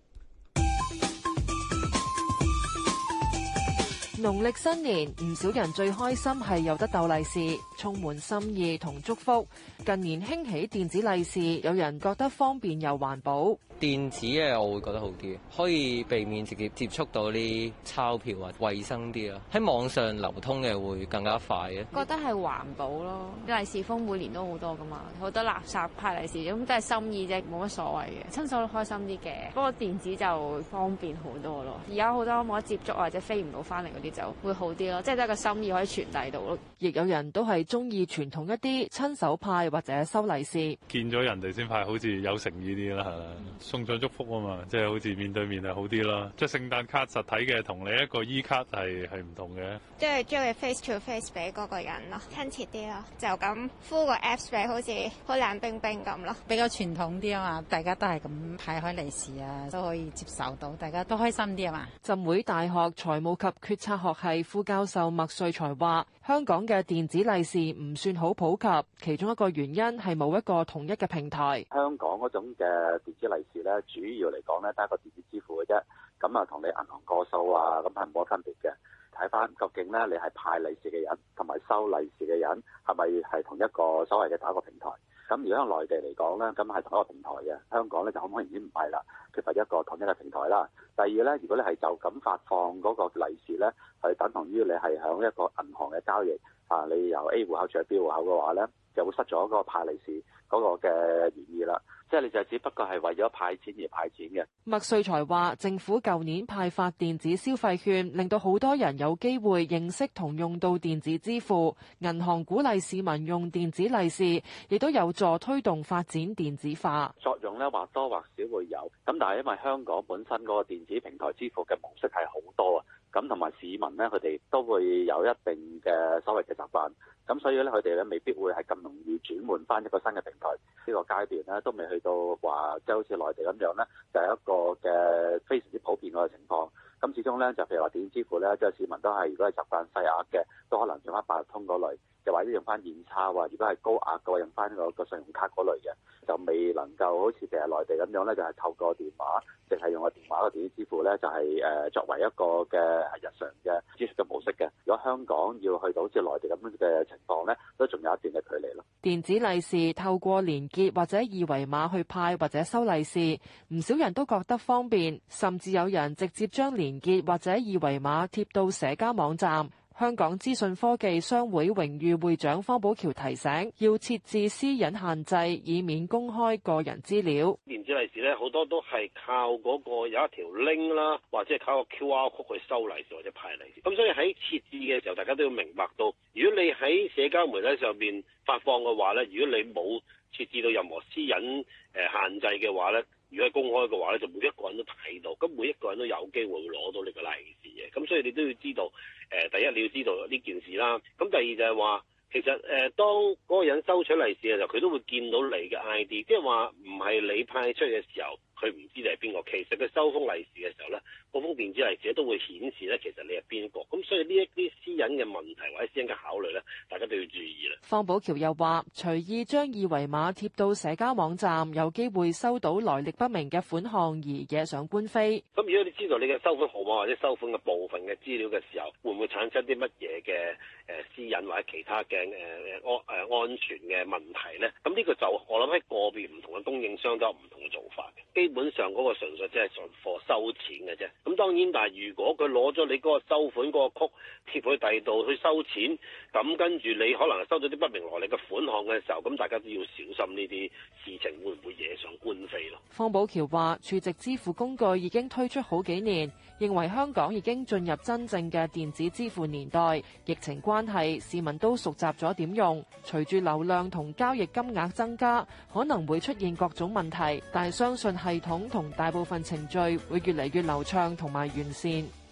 Speaker 9: 農曆新年，唔少人最開心係有得鬥利是，充滿心意同祝福。近年興起電子利是，有人覺得方便
Speaker 11: 又環保。電子嘅我會覺得好啲，可以避免直接接觸到啲鈔票或者衛生啲啊。喺網上流通嘅會更加快一啲。
Speaker 13: 覺得係環保咯，利是封每年都好多噶嘛，好多垃圾派利是，咁都係心意啫，冇乜
Speaker 9: 所謂嘅，親手都開心啲嘅。不過電子就方便好多咯。而家好多冇得接觸或者飛唔到翻嚟嗰啲就會好啲咯，即係得個心意可以傳遞到咯。亦有人都係中意傳統一啲親手派或者收利是，
Speaker 14: 見咗人哋先派，好似有誠意啲啦，係啦。嗯送上祝福啊嘛，即係好似面對面係好啲啦。即係聖誕卡實體嘅同你一個 E 卡係係唔同嘅，
Speaker 13: 即係將佢 face to face 俾嗰個人咯，親切啲咯，就咁呼 u 個 apps 俾，好似好冷冰冰咁咯。比較傳統啲啊嘛，
Speaker 10: 大家都係咁睇開利是啊，都可以接受到，大家都開心啲啊嘛。
Speaker 9: 浸會大學財務及決策學系副教授麥瑞才話：香港嘅電子利是唔算好普及，其中一個原因係冇一個統一嘅平台。香港嗰種嘅
Speaker 16: 電子利是。咧主要嚟講咧，得一個電子支付嘅啫，咁啊同你銀行過數啊，咁係冇乜分別嘅。睇翻究竟咧，你係派利是嘅人，同埋收利是嘅人，係咪係同一個所謂嘅打個平台？咁如果喺內地嚟講咧，咁係同一個平台嘅。香港咧就好明顯唔係啦，其實一個同一個平台啦。第二咧，如果你係就咁發放嗰個利是咧，係等同於你係響一個銀行嘅交易啊，你由 A 戶口轉入 B 戶口嘅話咧。就會失咗嗰個派利是嗰個嘅意義啦，即係你就只不過係為咗派錢而派錢嘅。
Speaker 9: 麥瑞才話：政府舊年派發電子消費券，令到好多人有機會認識同用到電子支付，銀行鼓勵市民用電子利是，亦都有助推動發展電子化。
Speaker 13: 作用咧，
Speaker 16: 或多或少會有，咁但係因為香港本身嗰個電子平台支付嘅模式係好多啊。咁同埋市民咧，佢哋都會有一定嘅所謂嘅習慣，咁所以咧，佢哋咧未必會係咁容易轉換翻一個新嘅平台。呢、這個階段咧都未去到話，即係、就是、好似內地咁樣咧，就係、是、一個嘅非常之普遍嘅情況。咁始終咧，就譬如話電子支付咧，即係市民都係如果係習慣細額嘅，都可能轉翻八達通嗰類。就或者用翻現鈔，喎，如果係高額嘅話，用翻個個信用卡嗰類嘅，就未能夠好似成日內地咁樣咧，就係、是、透過電話，淨係用個電話個電子支付咧，就係、是、誒作為一個嘅日常嘅支付嘅模式嘅。如果香港要去到好似內地咁樣嘅情況咧，都仲有一段嘅距離咯。
Speaker 9: 電子利是透過連結或者二維碼去派或者收利是，唔少人都覺得方便，甚至有人直接將連結或者二維碼貼到社交網站。香港資訊科技商會榮譽會長方寶橋提醒，要設置私隱限制，以免公開個人資料。
Speaker 5: 電子利是咧，好多都係靠嗰個有一條 link 啦，或者係靠個 QR code 去收利是或者派利是。咁所以喺設置嘅時候，大家都要明白到，如果你喺社交媒體上面發放嘅話咧，如果你冇設置到任何私隱誒限制嘅話咧。如果係公開嘅話咧，就每一個人都睇到，咁每一個人都有機會會攞到你個利是嘅，咁所以你都要知道，誒、呃，第一你要知道呢件事啦，咁第二就係話，其實誒、呃，當嗰個人收取利是嘅時候，佢都會見到你嘅 ID，即係話唔係你派出去嘅時候，佢唔知你係邊個，其實佢收封利是嘅時候咧。各方面之類，而且都會顯示咧，其實你係邊個咁，所以呢一啲私隱嘅問題或者私隱嘅考慮咧，大家都要注意啦。
Speaker 9: 方保僑又話：隨意將二維碼貼到社交網站，有機會收到來歷不明嘅款項而惹上官非。
Speaker 5: 咁如果你知道你嘅收款號碼或者收款嘅部分嘅資料嘅時候，會唔會產生啲乜嘢嘅私隱或者其他嘅安安全嘅問題咧？咁呢個就我諗喺個別唔同嘅供應商都有唔同嘅做法嘅。基本上嗰個純粹即係進貨收錢嘅啫。咁當然，但係如果佢攞咗你嗰個收款嗰個曲貼去第二度去收錢，咁跟住你可能收咗啲不明來歷嘅款項嘅時候，咁大家都要小心呢啲事情會唔會惹上官非咯？
Speaker 9: 方寶橋話：儲值支付工具已經推出好幾年，認為香港已經進入真正嘅電子支付年代。疫情關係，市民都熟習咗點用。隨住流量同交易金額增加，可能會出現各種問題，但係相信系統同大部分程序會越嚟越流暢。同埋完善。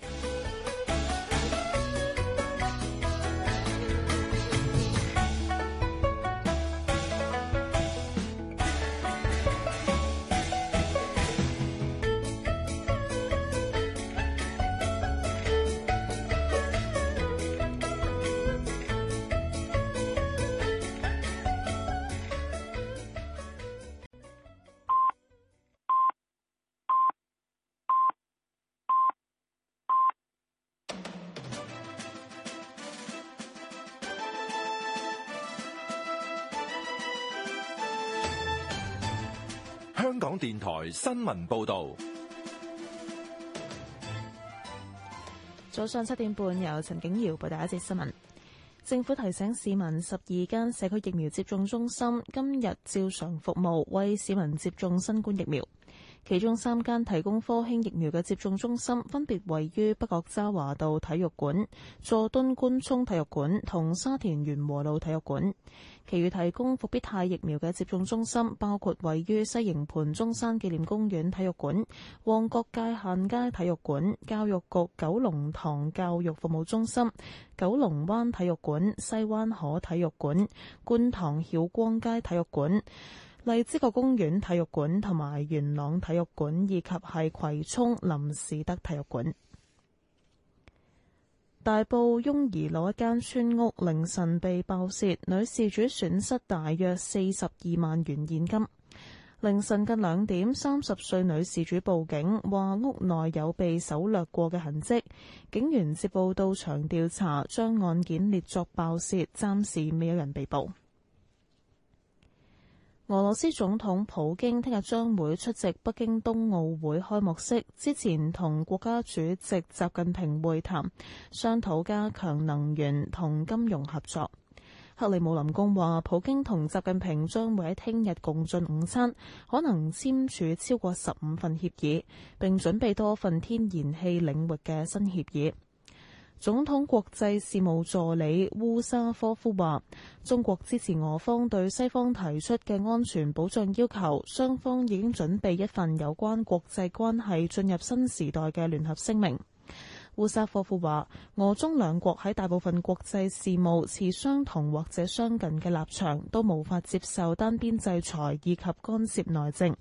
Speaker 1: 新聞報道。
Speaker 12: 早上七點半，由陳景堯報道一節新聞。政府提醒市民，十二間社區疫苗接種中心今日照常服務，為市民接種新冠疫苗。其中三間提供科興疫苗嘅接種中心，分別位於北角渣華道體育館、佐敦官涌體育館同沙田源禾路體育館。其餘提供復必泰疫苗嘅接種中心，包括位於西營盤中山紀念公園體育館、旺角界限街體育館、教育局九龍塘教育服務中心、九龍灣體育館、西灣河體育館、觀塘曉光街體育館、荔枝角公園體育館同埋元朗體育館，以及係葵涌林士德體育館大。大埔雍宜路一間村屋，凌晨被爆竊，女事主損失大約四十二萬元現金。凌晨近兩點，三十歲女事主報警，話屋內有被搜掠過嘅痕跡。警員接報到場調查，將案件列作爆竊，暫時未有人被捕。俄羅斯總統普京聽日將會出席北京冬奧會開幕式之前，同國家主席習近平會談，商討加強能源同金融合作。克里姆林宮話，普京同習近平將會喺聽日共進午餐，可能簽署超過十五份協議，並準備多份天然氣領域嘅新協議。總統國際事務助理烏沙科夫話：中國支持俄方對西方提出嘅安全保障要求，雙方已經準備一份有關國際關係進入新時代嘅聯合聲明。烏沙科夫話：俄中兩國喺大部分國際事務持相同或者相近嘅立場，都無法接受單邊制裁以及干涉內政，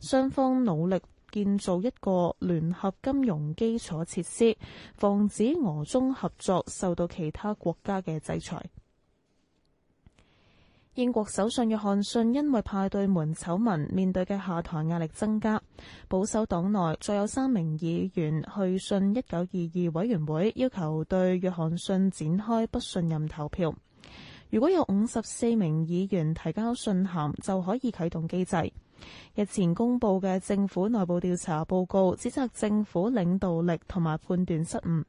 Speaker 12: 雙方努力，建造一個聯合金融基礎設施，防止俄中合作受到其他國家嘅制裁。英國首相約翰遜因為派對門醜聞，面對嘅下台壓力增加。保守黨內再有三名議員去信一九二二委員會，要求對約翰遜展開不信任投票。如果有五十四名議員提交信函，就可以啟動機制。日前公布嘅政府內部調查報告，指責政府領導力同埋判斷失誤。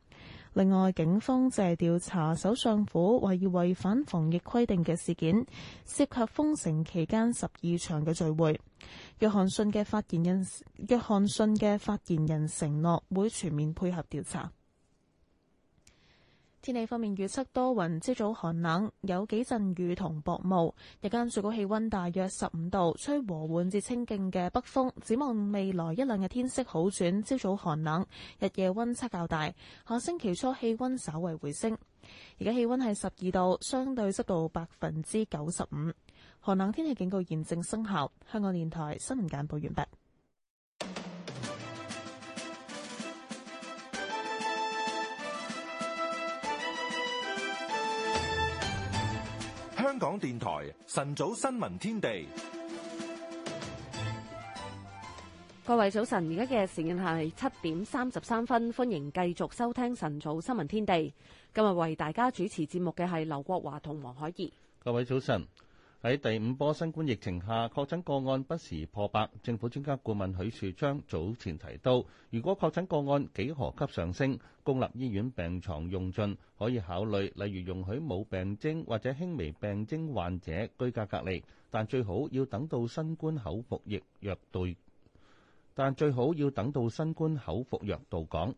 Speaker 12: 另外，警方借調查首相府懷疑違反防疫規定嘅事件，涉及封城期間十二場嘅聚會。約翰遜嘅發言人約翰遜嘅發言人承諾會全面配合調查。天氣方面預測多雲，朝早寒冷，有幾陣雨同薄霧。日間最高氣溫大約十五度，吹和緩至清勁嘅北風。展望未來一兩日天色好轉，朝早寒冷，日夜溫差較大。下星期初氣溫稍為回升。而家氣溫係十二度，相對濕度百分之九十五，寒冷天氣警告現正生效。香港電台新聞簡報完畢。
Speaker 1: 香港電台晨早新聞天地，
Speaker 3: 各位早晨，而家嘅時間係七點三十三分，歡迎繼續收聽晨早新聞天地。今日為大家主持節目嘅係劉國華同黃海怡。
Speaker 4: 各位早晨。喺第五波新冠疫情下，確診個案不時破百。政府專家顧問許樹昌早前提到，如果確診個案幾何級上升，公立醫院病床用盡，可以考慮例如容許冇病徵或者輕微病徵患者居家隔離，但最好要等到新冠口服液藥到，但最好要等到新冠口服藥到港。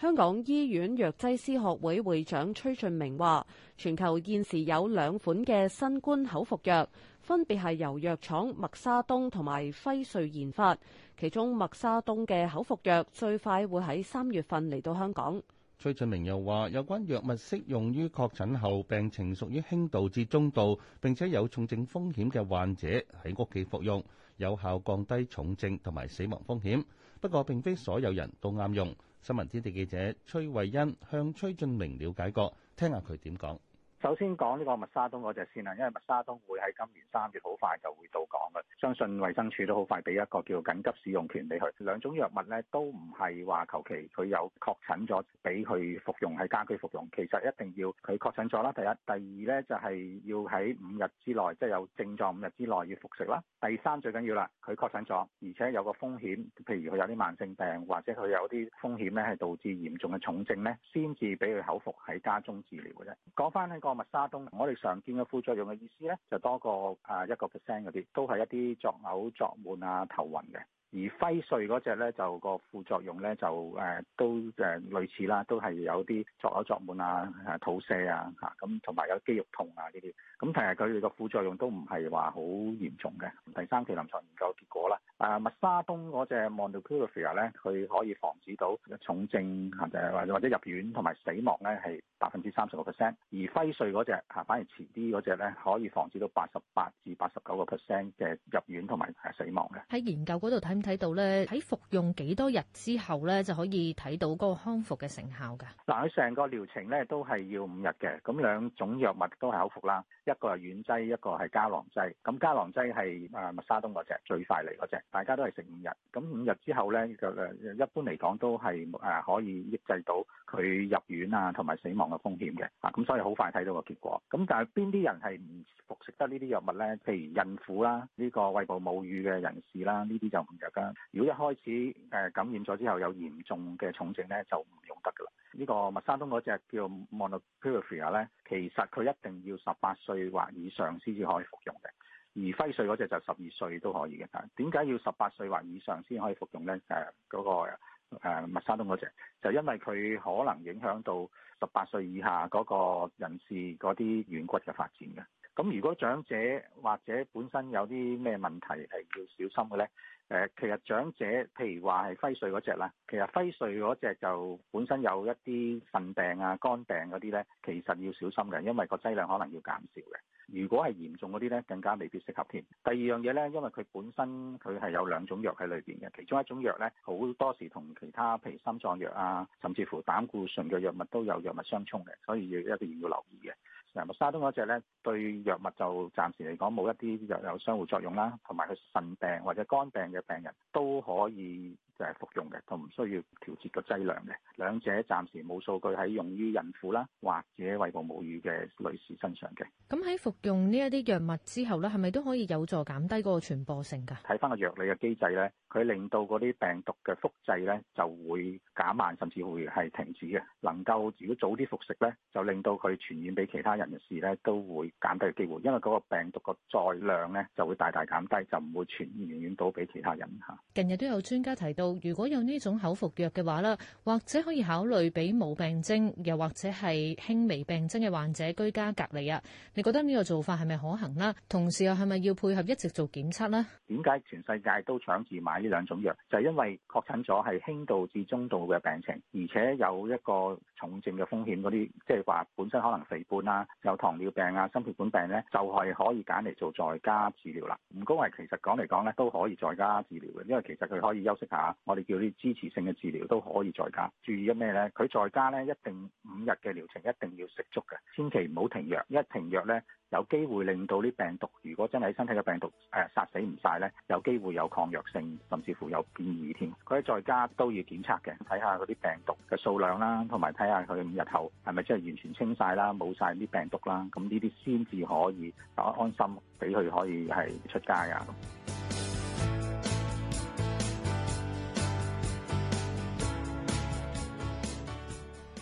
Speaker 3: 香港醫院藥劑師學會會長崔俊明話，全球現時有兩款嘅新冠口服藥，分別係由藥廠默沙東同埋輝瑞研發。其中默沙東嘅口服藥最快會喺三月份嚟到香港。
Speaker 4: 崔俊明又話，有關藥物適用於確診後病情屬於輕度至中度，並且有重症風險嘅患者喺屋企服用，有效降低重症同埋死亡風險。不過，並非所有人都啱用。新聞天地記者崔慧欣向崔俊明了解過，聽下佢點講。
Speaker 17: 首先講呢個默沙東嗰隻先啦，因為默沙東會喺今年三月好快就會到港嘅，相信衛生署都好快俾一個叫緊急使用權俾佢。兩種藥物咧都唔係話求其佢有確診咗俾佢服用喺家居服用，其實一定要佢確診咗啦。第一、第二咧就係要喺五日之內，即係有症狀五日之內要服食啦。第三最緊要啦，佢確診咗，而且有個風險，譬如佢有啲慢性病或者佢有啲風險咧係導致嚴重嘅重症咧，先至俾佢口服喺家中治療嘅啫。講翻個麥沙東，我哋常見嘅副作用嘅意思咧，就多過啊一個 percent 嗰啲，都係一啲作嘔、作悶啊、頭暈嘅。而輝瑞嗰隻咧就個副作用咧就誒都誒類似啦，都係有啲作嘔作滿啊、肚瀉啊嚇，咁同埋有肌肉痛啊呢啲，咁但係佢哋個副作用都唔係話好嚴重嘅。第三期臨床研究結果啦，誒默沙東嗰隻 Molnupiravir 咧，佢可以防止到重症啊，就係或或者入院同埋死亡咧係百分之三十個 percent，而輝瑞嗰隻嚇反而遲啲嗰隻咧可以防止到八十八至八十九個 percent 嘅入院同埋死亡嘅。
Speaker 7: 喺研究嗰度睇。睇到咧，喺服用幾多日之後咧，就可以睇到嗰個康復嘅成效噶。
Speaker 17: 嗱，佢成個療程咧都係要五日嘅，咁兩種藥物都係口服啦，一個係軟劑，一個係膠囊劑。咁膠囊劑係誒麥沙東嗰隻最快嚟嗰隻，大家都係食五日。咁五日之後咧，就誒一般嚟講都係誒、啊、可以抑制到。佢入院啊，同埋死亡嘅風險嘅，咁、啊、所以好快睇到個結果。咁但係邊啲人係唔服食得藥呢啲藥物咧？譬如孕婦啦，呢、這個胃部母乳嘅人士啦，呢啲就唔入啦。如果一開始誒感染咗之後有嚴重嘅重症咧，就唔用得噶啦。呢、這個默沙東嗰隻叫 Monoclephia 咧，其實佢一定要十八歲或以上先至可以服用嘅。而輝瑞嗰隻就十二歲都可以嘅。但點解要十八歲或以上先可以服用咧？嗰、嗰個誒，默沙東嗰隻，就因為佢可能影響到十八歲以下嗰個人士嗰啲軟骨嘅發展嘅。咁如果長者或者本身有啲咩問題，係要小心嘅咧？誒、呃，其實長者譬如話係輝瑞嗰隻啦，其實輝瑞嗰隻就本身有一啲腎病啊、肝病嗰啲咧，其實要小心嘅，因為個劑量可能要減少嘅。如果係嚴重嗰啲咧，更加未必適合添。第二樣嘢咧，因為佢本身佢係有兩種藥喺裏邊嘅，其中一種藥咧好多時同其他譬如心臟藥啊，甚至乎膽固醇嘅藥物都有藥物相沖嘅，所以要一定要留意嘅。沙東嗰隻咧，對藥物就暫時嚟講冇一啲藥有相互作用啦，同埋佢腎病或者肝病嘅病人都可以就服用嘅，同唔需要調節個劑量嘅。兩者暫時冇數據喺用於孕婦啦，或者餵哺母乳嘅女士身上嘅。
Speaker 11: 咁喺服用呢一
Speaker 7: 啲藥物之後咧，係咪都可以有助減低個傳播性㗎？
Speaker 17: 睇翻個藥理嘅機制咧，佢令到嗰啲病毒嘅複製咧就會減慢，甚至會係停止嘅。能夠如果早啲服食咧，就令到佢傳染俾其他人。人事呢，都會減低嘅機會，因為嗰個病毒個載量呢，就會大大減低，就唔會傳傳染到俾其他人吓。
Speaker 7: 近日都有專家提到，如果有呢種口服藥嘅話啦，或者可以考慮俾冇病徵又或者係輕微病徵嘅患者居家隔離啊。你覺得呢個做法係咪可行啦？同時又係咪要配合一直做檢測呢？
Speaker 17: 點解全世界都搶住買呢兩種藥？就係因為確診咗係輕度至中度嘅病情，而且有一個重症嘅風險嗰啲，即係話本身可能肥胖啦。有糖尿病啊、心血管病呢，就係、是、可以揀嚟做在家治療啦。唔高危，其實講嚟講呢，都可以在家治療嘅，因為其實佢可以休息下，我哋叫啲支持性嘅治療都可以在家。注意一咩呢？佢在家呢，一定五日嘅療程一定要食足嘅，千祈唔好停藥，一停藥呢。有機會令到啲病毒，如果真係身體嘅病毒誒、啊、殺死唔晒呢，有機會有抗藥性，甚至乎有變異添。佢在家都要檢測嘅，睇下嗰啲病毒嘅數量啦，同埋睇下佢五日後係咪真係完全清晒啦，冇晒啲病毒啦，咁呢啲先至可以安安心俾佢可以係出街㗎。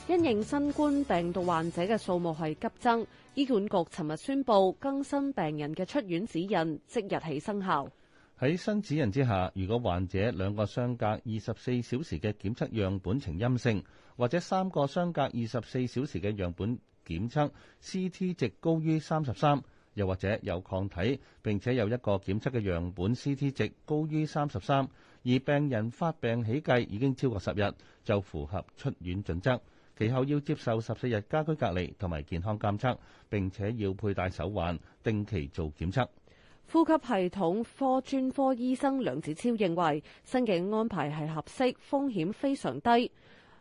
Speaker 6: 因
Speaker 3: 應新冠病毒患者嘅數目係急增，醫管局尋日宣布更新病人嘅出院指引，即日起生效。
Speaker 4: 喺新指引之下，如果患者兩個相隔二十四小時嘅檢測樣本呈陰性，或者三個相隔二十四小時嘅樣本檢測 CT 值高於三十三，又或者有抗體，並且有一個檢測嘅樣本 CT 值高於三十三，而病人發病起計已經超過十日，就符合出院準則。其後要接受十四日家居隔離同埋健康監測，並且要佩戴手環，定期做檢測。
Speaker 3: 呼吸系統科專科醫生梁子超認為，新嘅安排係合適，風險非常低。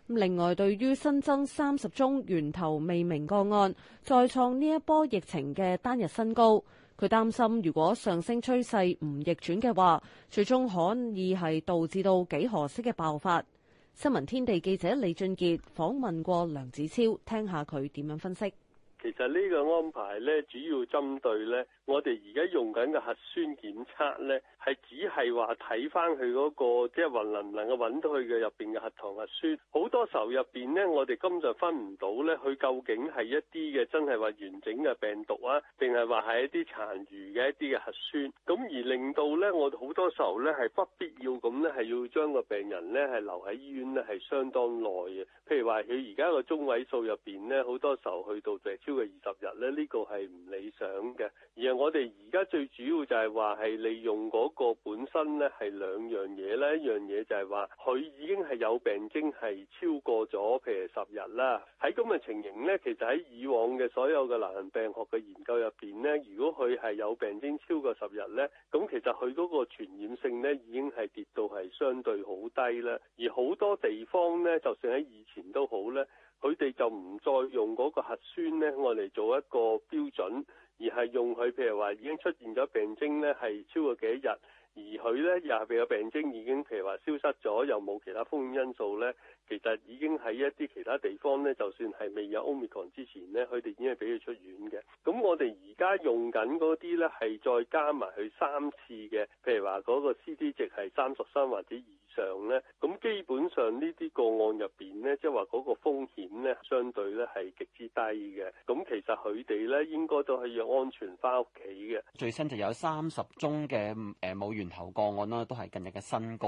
Speaker 3: 另外，對於新增三十宗源頭未明個案，再創呢一波疫情嘅單日新高，佢擔心如果上升趨勢唔逆轉嘅話，最終可以係導致到幾何式嘅爆發。新聞天地記者李俊杰訪問過梁子超，聽下佢點樣分析。
Speaker 14: 其實呢個安排呢，主要針對我哋而家用緊嘅核酸檢測呢，係只係話睇翻佢嗰個，即係話能唔能夠揾到佢嘅入邊嘅核糖核酸。好多時候入邊呢，我哋根本就分唔到呢，佢究竟係一啲嘅真係話完整嘅病毒啊，定係話係一啲殘餘嘅一啲嘅核酸。咁而令到呢，我好多時候呢，係不必要咁呢，係要將個病人呢，係留喺醫院呢，係相當耐嘅。譬如話佢而家個中位數入邊呢，好多時候去到就係超過二十日呢，呢個係唔理想嘅。我哋而家最主要就係話係利用嗰個本身呢，係兩樣嘢。呢一樣嘢就係話佢已經係有病徵係超過咗，譬如十日啦。喺咁嘅情形呢，其實喺以往嘅所有嘅流行病學嘅研究入邊呢，如果佢係有病徵超過十日呢，咁其實佢嗰個傳染性呢已經係跌到係相對好低啦。而好多地方呢，就算喺以前都好呢，佢哋就唔再用嗰個核酸呢，用嚟做一個標準。而係用佢，譬如話已經出現咗病徵咧，係超過幾日，而佢咧又係個病徵已經譬如話消失咗，又冇其他風險因素咧。其實已經喺一啲其他地方咧，就算係未有 Omicron 之前咧，佢哋已經係俾佢出院嘅。咁我哋而家用緊嗰啲咧，係再加埋去三次嘅，譬如話嗰個 CT 值係三十三或者以上咧。咁基本上呢啲個案入邊咧，即係話嗰個風險咧，相對咧係極之低嘅。咁其實佢哋咧應該都係要安全翻屋企嘅。
Speaker 16: 最新就有三十宗嘅誒冇源頭個案啦，都係近日嘅新高。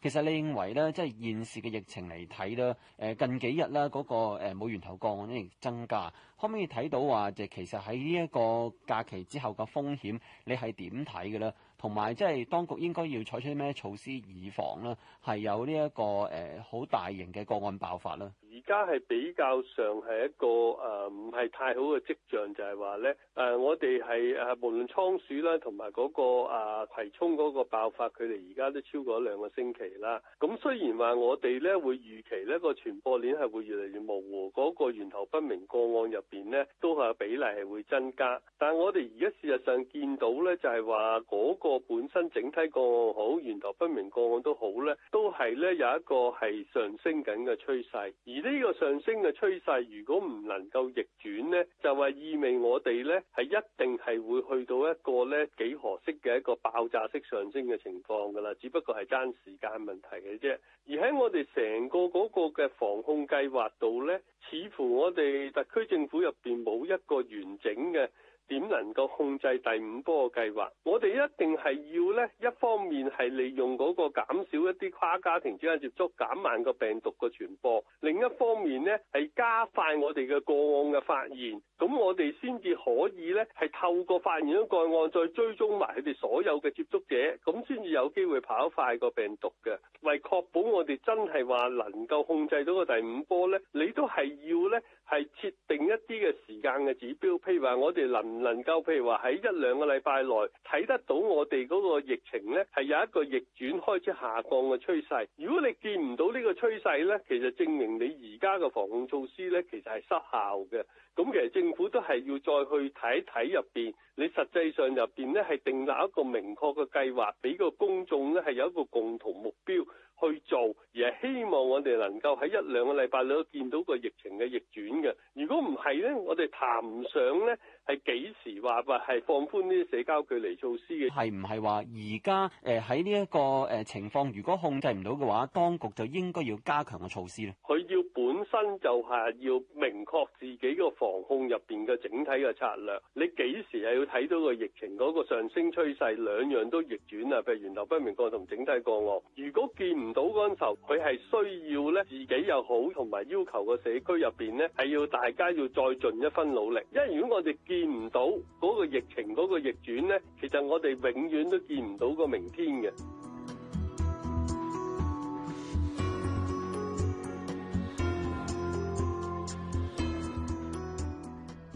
Speaker 16: 其實你認為咧，即係現時嘅疫情嚟睇。睇啦，誒近幾日啦，嗰個冇源頭個案咧，增加，可唔可以睇到話就其實喺呢一個假期之後嘅風險，你是怎麼看的，你係點睇嘅咧？同埋即係當局應該要採取咩措施以防咧，係有呢一個誒好大型嘅個案爆發咧？
Speaker 14: 而家係比較上係一個誒唔係太好嘅跡象就是說，就係話呢。誒，我哋係誒無論倉鼠啦，同埋嗰個葵涌嗰個爆發，佢哋而家都超過咗兩個星期啦。咁雖然話我哋呢會預期呢個傳播鏈係會越嚟越模糊，嗰、那個嗰個源頭不明個案入邊呢都係比例係會增加，但我哋而家事實上見到呢，就係話嗰個本身整體個案好，源頭不明個案都好呢，都係呢有一個係上升緊嘅趨勢。而呢個上升嘅趨勢如果唔能夠逆轉呢，就話意味我哋呢，係一定係會去到一個呢幾何式嘅一個爆炸式上升嘅情況噶啦，只不過係爭時間問題嘅啫。而喺我哋成個嗰個嘅防控計劃度呢，似乎我哋特區政府入邊冇一個完整嘅。點能夠控制第五波嘅計劃？我哋一定係要呢，一方面係利用嗰個減少一啲跨家庭之間接觸，減慢個病毒嘅傳播；另一方面呢，係加快我哋嘅個案嘅發現。咁我哋先至可以呢，係透過發現咗個案，再追蹤埋佢哋所有嘅接觸者，咁先至有機會跑快個病毒嘅。為確保我哋真係話能夠控制到個第五波呢，你都係要呢。係設定一啲嘅時間嘅指標，譬如話我哋能唔能夠，譬如話喺一兩個禮拜內睇得到我哋嗰個疫情呢，係有一個逆轉開始下降嘅趨勢。如果你見唔到呢個趨勢呢，其實證明你而家嘅防控措施呢，其實係失效嘅。咁其實政府都係要再去睇睇入邊，你實際上入邊呢，係訂立一個明確嘅計劃，俾個公眾呢，係有一個共同目標。去做，而係希望我哋能夠喺一兩個禮拜裏邊見到個疫情嘅逆轉嘅。如果唔係咧，我哋談唔上咧。係幾時話話係放寬呢啲社交距離措施嘅？係
Speaker 16: 唔係話而家誒喺呢一個誒情況，如果控制唔到嘅話，當局就應該要加強嘅措施咧？
Speaker 14: 佢要本身就係要明確自己個防控入面嘅整體嘅策略。你幾時係要睇到個疫情嗰個上升趨勢，兩樣都逆轉啊？譬如源頭不明個同整體個案，如果見唔到嗰陣時候，佢係需要咧自己又好，同埋要求個社區入面咧係要大家要再盡一分努力。因為如果我哋見見唔到嗰個疫情嗰個逆轉咧，其實我哋永遠都見唔到個明天嘅。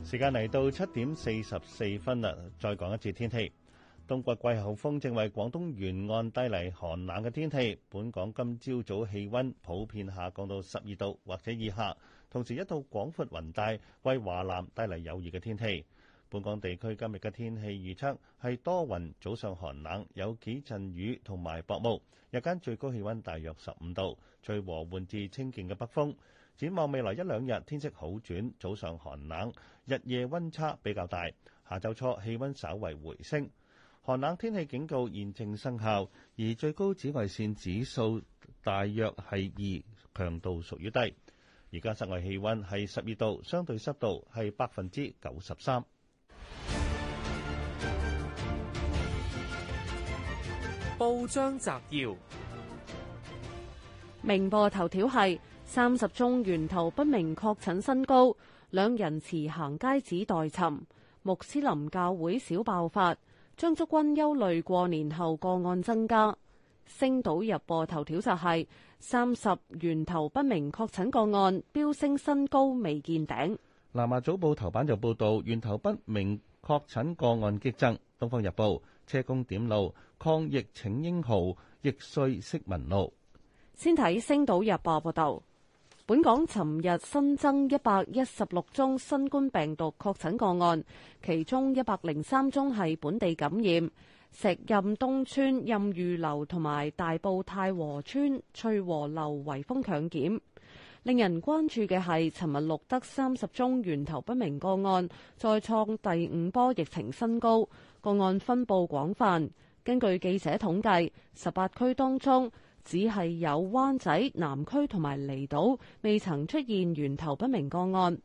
Speaker 4: 時間嚟到七點四十四分啦，再講一次天氣。冬季季候風正為廣東沿岸帶嚟寒冷嘅天氣，本港今朝早氣温普遍下降到十二度或者以下。同時，一道廣闊雲帶為華南帶嚟有熱嘅天氣。本港地區今日嘅天氣預測係多雲，早上寒冷，有幾陣雨同埋薄霧。日間最高氣温大約十五度，吹和緩至清勁嘅北風。展望未來一兩日天色好轉，早上寒冷，日夜温差比較大。下週初氣温稍為回升。寒冷天氣警告現正生效，而最高紫外線指數大約係二，強度屬於低。而家室外氣溫係十二度，相對濕度係百分之九十三。報章摘要：
Speaker 3: 明報頭條係三十宗源頭不明確診新高，兩人持行街指待尋穆斯林教會小爆發，張竹君憂慮過年後個案增加。星島日報頭條就係、是。三十源頭不明確診個案，飆升新高，未
Speaker 4: 見頂。南華早報頭版就報道源頭不明確診個案激增。《東方日報》車公點路抗疫請英豪，逸穗息民路。
Speaker 3: 先睇《星島日報》報道，本港尋日新增一百一十六宗新冠病毒確診個案，其中一百零三宗係本地感染。石任東村、任裕樓同埋大埔太和村翠和樓圍封強檢，令人關注嘅係，尋日錄得三十宗源頭不明個案，再創第五波疫情新高。個案分佈廣泛，根據記者統計，十八區當中只係有灣仔、南區同埋離島未曾出現源頭不明個案。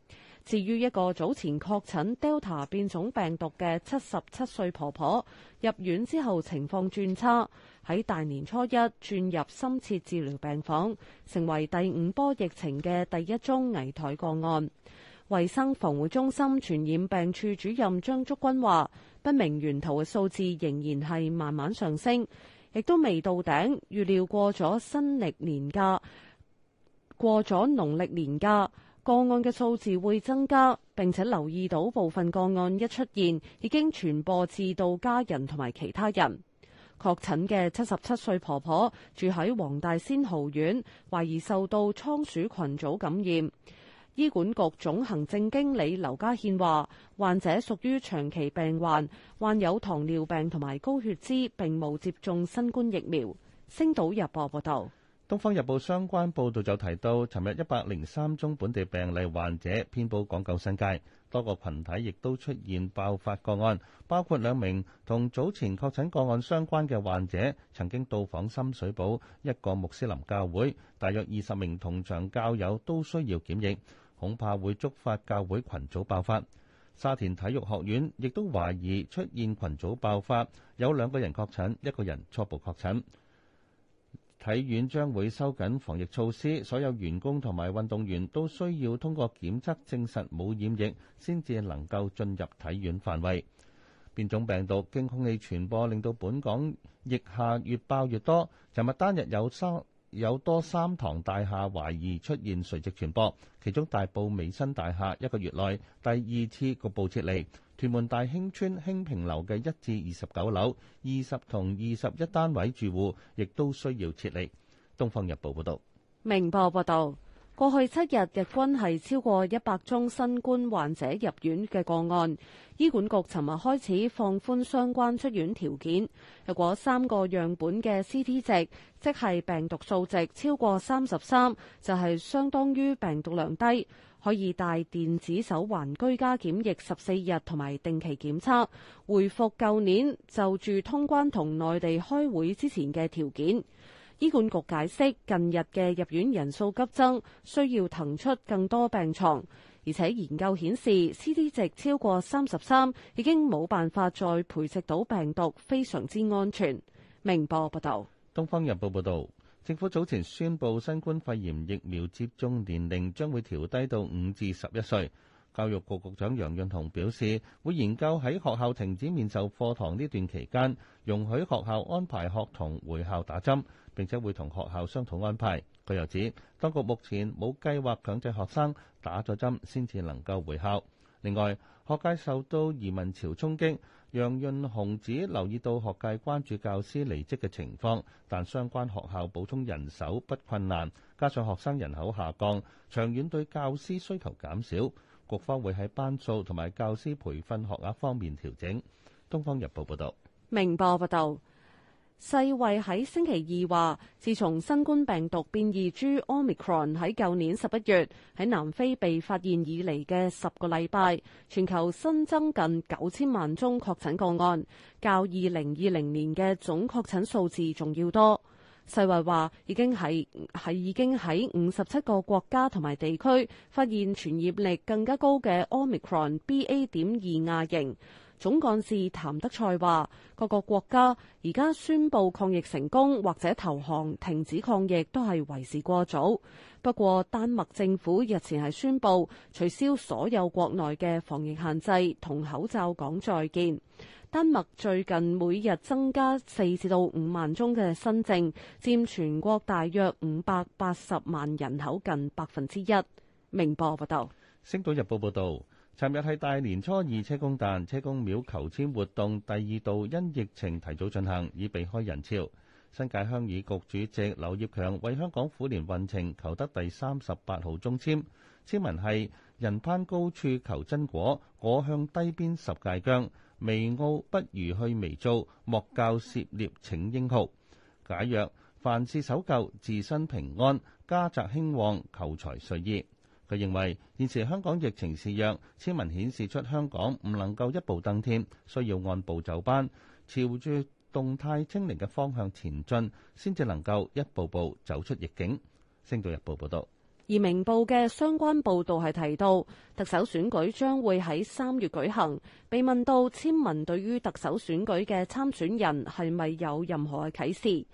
Speaker 3: 至於一個早前確診 Delta 變種病毒嘅七十七歲婆婆，入院之後情況轉差，喺大年初一轉入深切治療病房，成為第五波疫情嘅第一宗危殆個案。衛生防護中心傳染病處主任張竹君話，不明源頭嘅數字仍然係慢慢上升，亦都未到頂，預料過咗新歷年假，過咗農曆年假。個案嘅數字會增加，並且留意到部分個案一出現已經傳播至到家人同埋其他人。確診嘅七十七歲婆婆住喺黃大仙豪苑，懷疑受到倉鼠群組感染。醫管局總行政經理劉家憲話：患者屬於長期病患，患有糖尿病同埋高血脂，並冇接種新冠疫苗。星島日報報道。
Speaker 4: 《東方日報》相關報導就提到，尋日一百零三宗本地病例患者遍佈港九新界，多個群體亦都出現爆發個案，包括兩名同早前確診個案相關嘅患者曾經到訪深水埗一個穆斯林教會，大約二十名同場教友都需要檢疫，恐怕會觸發教會群組爆發。沙田體育學院亦都懷疑出現群組爆發，有兩個人確診，一個人初步確診。體院將會收緊防疫措施，所有員工同埋運動員都需要通過檢測，證實冇染疫先至能夠進入體院範圍。變種病毒經空氣傳播，令到本港疫下越爆越多。尋日單日有三有多三幢大廈懷疑出現垂直傳播，其中大埔美新大廈一個月內第二次局部撤離。屯門大興村興平樓嘅一至二十九樓二十同二十一單位住戶亦都需要撤離。東方日報報道，
Speaker 3: 明報報道，過去七日日均係超過一百宗新冠患者入院嘅個案。醫管局尋日開始放寬相關出院條件。若果三個樣本嘅 CT 值，即係病毒數值超過三十三，就係相當於病毒量低。可以戴電子手環居家檢疫十四日，同埋定期檢測，回復舊年就住通關同內地開會之前嘅條件。醫管局解釋近日嘅入院人數急增，需要騰出更多病床。而且研究顯示 Ct 值超過三十三已經冇辦法再培植到病毒，非常之安全。明報報道，
Speaker 4: 東方日報報道。政府早前宣佈，新冠肺炎疫苗接種年齡將會調低到五至十一歲。教育局局長楊潤雄表示，會研究喺學校停止面授課堂呢段期間，容許學校安排學童回校打針，並且會同學校商討安排。佢又指，當局目前冇計劃強制學生打咗針先至能夠回校。另外，學界受到移民潮衝擊。楊潤雄指，留意到學界關注教師離職嘅情況，但相關學校補充人手不困難，加上學生人口下降，長遠對教師需求減少，局方會喺班數同埋教師培訓學額方面調整。東方日報報道。
Speaker 3: 明報報道。世衛喺星期二話，自從新冠病毒變異株 Omicron 喺舊年十一月喺南非被發現以嚟嘅十個禮拜，全球新增近九千萬宗確診個案，較二零二零年嘅總確診數字仲要多。世衛話已經喺係已經喺五十七個國家同埋地區發現傳染力更加高嘅 Omicron BA. 點二亞型。總幹事譚德賽話：各個國家而家宣佈抗疫成功或者投降、停止抗疫都係為時過早。不過丹麥政府日前係宣佈取消所有國內嘅防疫限制，同口罩講再見。丹麥最近每日增加四至到五萬宗嘅新症，佔全國大約五百八十萬人口近百分之一。明報報道，
Speaker 4: 《星島日報》報道。尋日係大年初二，車公誕，車公廟求籤活動第二度因疫情提早進行，以避開人潮。新界鄉議局主席劉業強為香港婦聯運程求得第三十八號中籤。簽文係：人攀高處求真果，果向低邊十界姜。微傲不如去微糟，莫教涉獵逞英豪。假若凡事守舊，自身平安，家宅興旺，求財順意。佢認為現時香港疫情肆虐，簽文顯示出香港唔能夠一步登天，需要按部就班，朝住動態清零嘅方向前進，先至能夠一步步走出逆境。星島日報報道。
Speaker 3: 而明報嘅相關報導係提到，特首選舉將會喺三月舉行。被問到簽文對於特首選舉嘅參選人係咪有任何嘅啟示？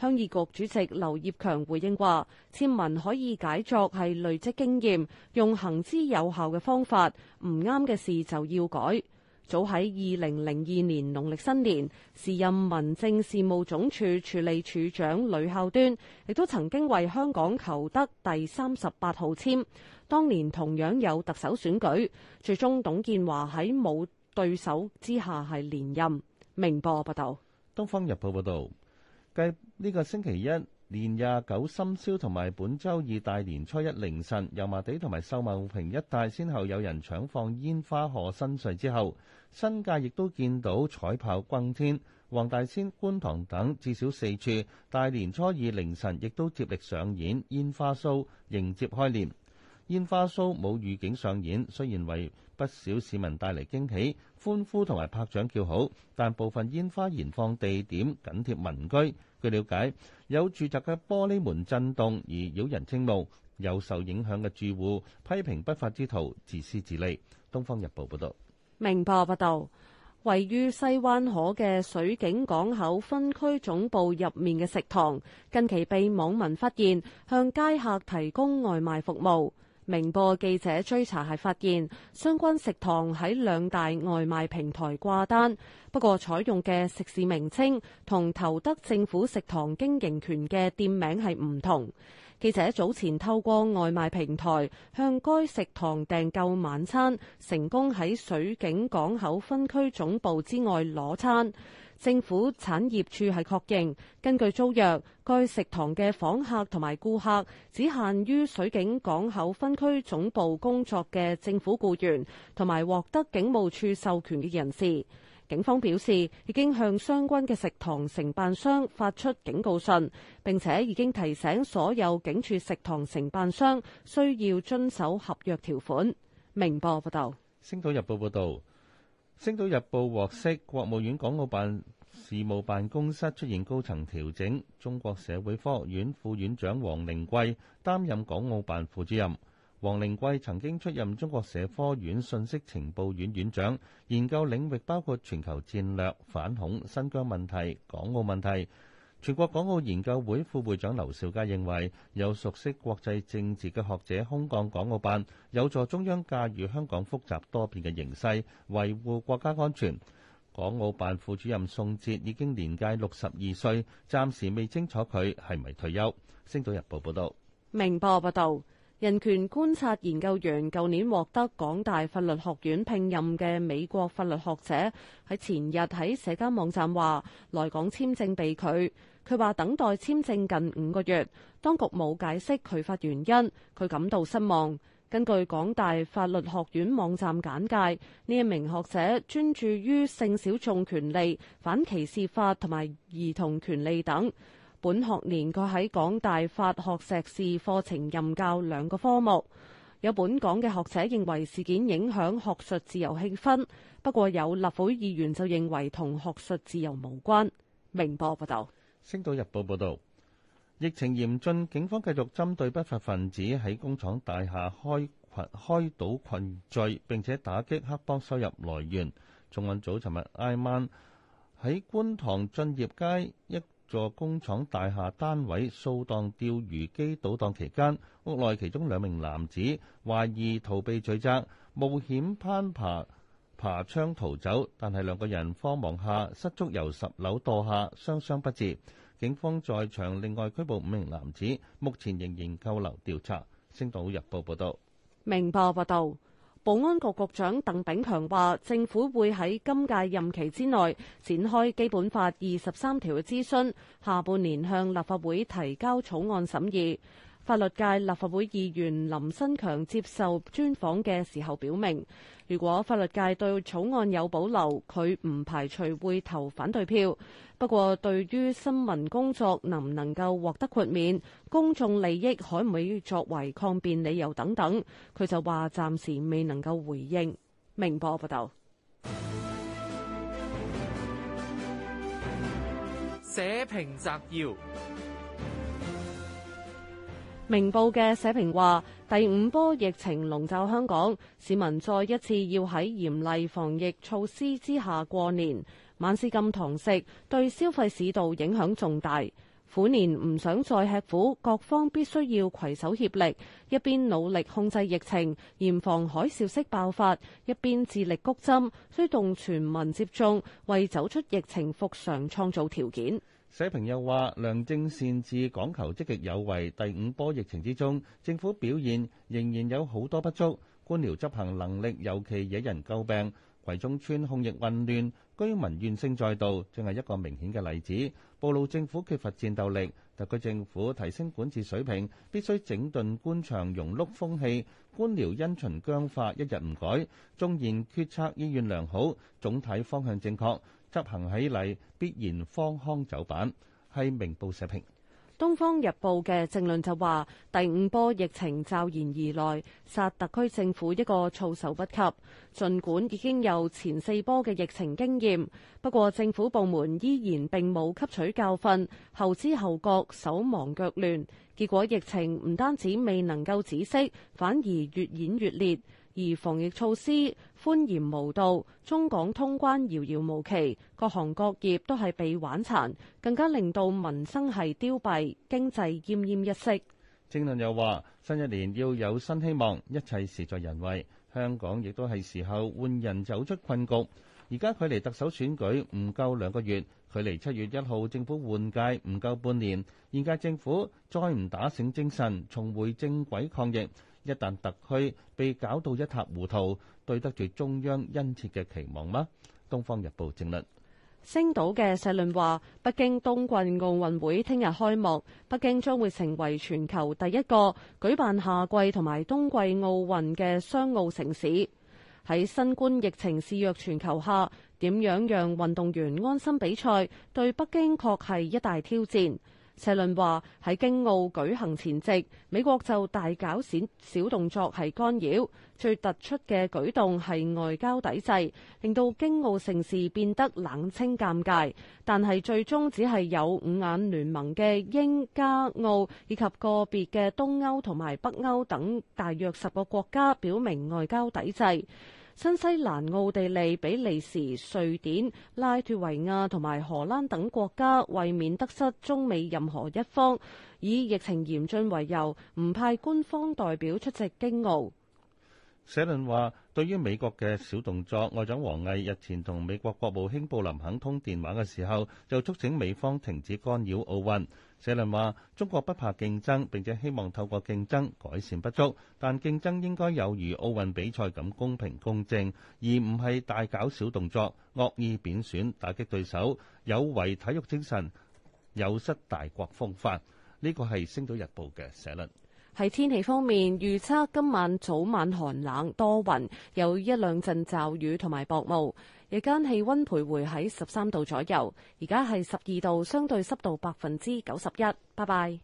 Speaker 3: 鄉議局主席劉業強回應話，簽文可以解作係累積經驗，用行之有效嘅方法，唔啱嘅事就要改。早喺二零零二年農曆新年，時任民政事務總署助理署長呂孝端，亦都曾經為香港求得第三十八號簽。當年同樣有特首選舉，最終董建華喺冇對手之下係連任。
Speaker 4: 明報報道，東方日報報道。繼呢個星期一年廿九深宵同埋本周二大年初一凌晨油麻地同埋秀茂坪一帶先後有人搶放煙花賀新歲之後，新界亦都見到彩炮轟天，黃大仙、觀塘等至少四處大年初二凌晨亦都接力上演煙花 show，迎接開年。煙花 show 冇預警上演，雖然為不少市民帶嚟驚喜、歡呼同埋拍掌叫好，但部分煙花燃放地點緊貼民居。據了解，有住宅嘅玻璃門震動而擾人清夢。有受影響嘅住戶批評不法之徒自私自利。《東方日報》報道，
Speaker 3: 明報報道，位於西灣河嘅水警港口分區總部入面嘅食堂，近期被網民發現向街客提供外賣服務。明報記者追查係發現，相關食堂喺兩大外賣平台掛單，不過採用嘅食肆名稱同投得政府食堂經營權嘅店名係唔同。記者早前透過外賣平台向該食堂訂購晚餐，成功喺水警港口分區總部之外攞餐。政府產業處係確認，根據租約，該食堂嘅訪客同埋顧客只限於水警港口分區總部工作嘅政府僱員，同埋獲得警務處授權嘅人士。警方表示，已經向相關嘅食堂承辦商發出警告信，並且已經提醒所有警署食堂承辦商需要遵守合約條款。明報報道，
Speaker 4: 《星島日報》報道。《星島日報》獲悉，國務院港澳辦事務辦公室出現高層調整，中國社會科學院副院長王寧貴擔任港澳辦副主任。王寧貴曾經出任中國社科院信息情報院院長，研究領域包括全球戰略、反恐、新疆問題、港澳問題。全國港澳研究會副會長劉兆佳認為，有熟悉國際政治嘅學者空降港澳辦，有助中央駕馭香港複雜多變嘅形勢，維護國家安全。港澳辦副主任宋哲已經年屆六十二歲，暫時未清楚佢係咪退休。星島日報報道。
Speaker 3: 明報報道。人權觀察研究員，舊年獲得港大法律學院聘任嘅美國法律學者，喺前日喺社交網站話來港簽證被拒。佢話等待簽證近五個月，當局冇解釋拒發原因，佢感到失望。根據港大法律學院網站簡介，呢一名學者專注於性小眾權利、反歧視法同埋兒童權利等。本學年佢喺港大法學碩士課程任教兩個科目，有本港嘅學者認為事件影響學術自由氣氛，不過有立法議員就認為同學術自由無關，明報報道，
Speaker 4: 星島日報報道疫情嚴峻，警方繼續針對不法分子喺工廠大廈開群開賭群聚，並且打擊黑幫收入來源，重案組尋日挨晚，喺觀塘駿業街座工廠大廈單位掃蕩釣魚機倒檔期間，屋內其中兩名男子懷疑逃避罪責，冒險攀爬爬，爬窗逃走，但係兩個人慌忙下失足由十樓墮下，雙雙不治。警方在場另外拘捕五名男子，目前仍然扣留調查。星島日報報道：
Speaker 3: 「明報報道。保安局局長鄧炳強話：政府會喺今屆任期之內展開《基本法》二十三條嘅諮詢，下半年向立法會提交草案審議。法律界立法會議員林新強接受專訪嘅時候表明，如果法律界對草案有保留，佢唔排除會投反對票。不過，對於新聞工作能唔能夠獲得豁免、公眾利益可唔可以作為抗辯理由等等，佢就話暫時未能夠回應。明報報道，
Speaker 1: 社評摘要。
Speaker 3: 明報嘅社評話：第五波疫情籠罩香港，市民再一次要喺嚴厲防疫措施之下過年，晚市禁堂食，對消費市道影響重大。虎年唔想再吃苦，各方必須要攜手協力，一邊努力控制疫情，嚴防海嘯式爆發，一邊致力谷針推動全民接種，為走出疫
Speaker 4: 情復常創造條件。社評又話：良政善治講求積極有為，第五波疫情之中，政府表現仍然有好多不足，官僚執行能力尤其惹人詬病。葵涌邨控疫混亂，居民怨聲載道，正係一個明顯嘅例子，暴露政府缺乏戰鬥力。特區政府提升管治水平，必須整頓官場庸碌風氣，官僚因循僵化一日唔改，縱然決策意願良好，總體方向正確，執行起嚟必然荒腔走板，係明報社評。
Speaker 3: 《東方日報》嘅政論就話：第五波疫情驟然而來，殺特區政府一個措手不及。儘管已經有前四波嘅疫情經驗，不過政府部門依然並冇吸取教訓，後知後覺，手忙腳亂，結果疫情唔單止未能夠止息，反而越演越烈，而防疫措施，昏庸無道，中港通關遙遙無期，各行各業都係被玩殘，更加令到民生係凋敝，經濟奄奄
Speaker 4: 一息。政論又話：新一年要有新希望，一切事在人為。香港亦都係時候換人走出困局。而家距離特首選舉唔夠兩個月，距離七月一號政府換屆唔夠半年，現屆政府再唔打醒精神，重回正軌抗疫。一旦特區被搞到一塌糊塗，對得住中央殷切嘅期望嗎？《東方日報》正論。
Speaker 3: 星島嘅社論話：北京冬季奧運會聽日開幕，北京將會成為全球第一個舉辦夏季同埋冬季奧運嘅雙奧城市。喺新冠疫情肆虐全球下，點樣讓運動員安心比賽，對北京確係一大挑戰。社論話喺京奧舉行前夕，美國就大搞小小動作，係干擾，最突出嘅舉動係外交抵制，令到京奧城市變得冷清尷尬。但係最終只係有五眼聯盟嘅英加澳以及個別嘅東歐同埋北歐等大約十個國家表明外交抵制。新西蘭、奧地利、比利時、瑞典、拉脫維亞同埋荷蘭等國家為免得失中美任何一方，以疫情嚴峻為由，唔派官方代表出席京奧。
Speaker 4: 社論話，對於美國嘅小動作，外長王毅日前同美國國務卿布林肯通電話嘅時候，就促請美方停止干擾奧運。社論話：中國不怕競爭，並且希望透過競爭改善不足，但競爭應該有如奧運比賽咁公平公正，而唔係大搞小動作、惡意貶損、打擊對手，有違體育精神，有失大國風範。呢個係《星島日報》嘅社論。
Speaker 3: 喺天氣方面，預測今晚早晚寒冷，多雲，有一兩陣驟雨同埋薄霧。夜間氣溫徘徊喺十三度左右，而家係十二度，相對濕度百分之九十一。拜拜。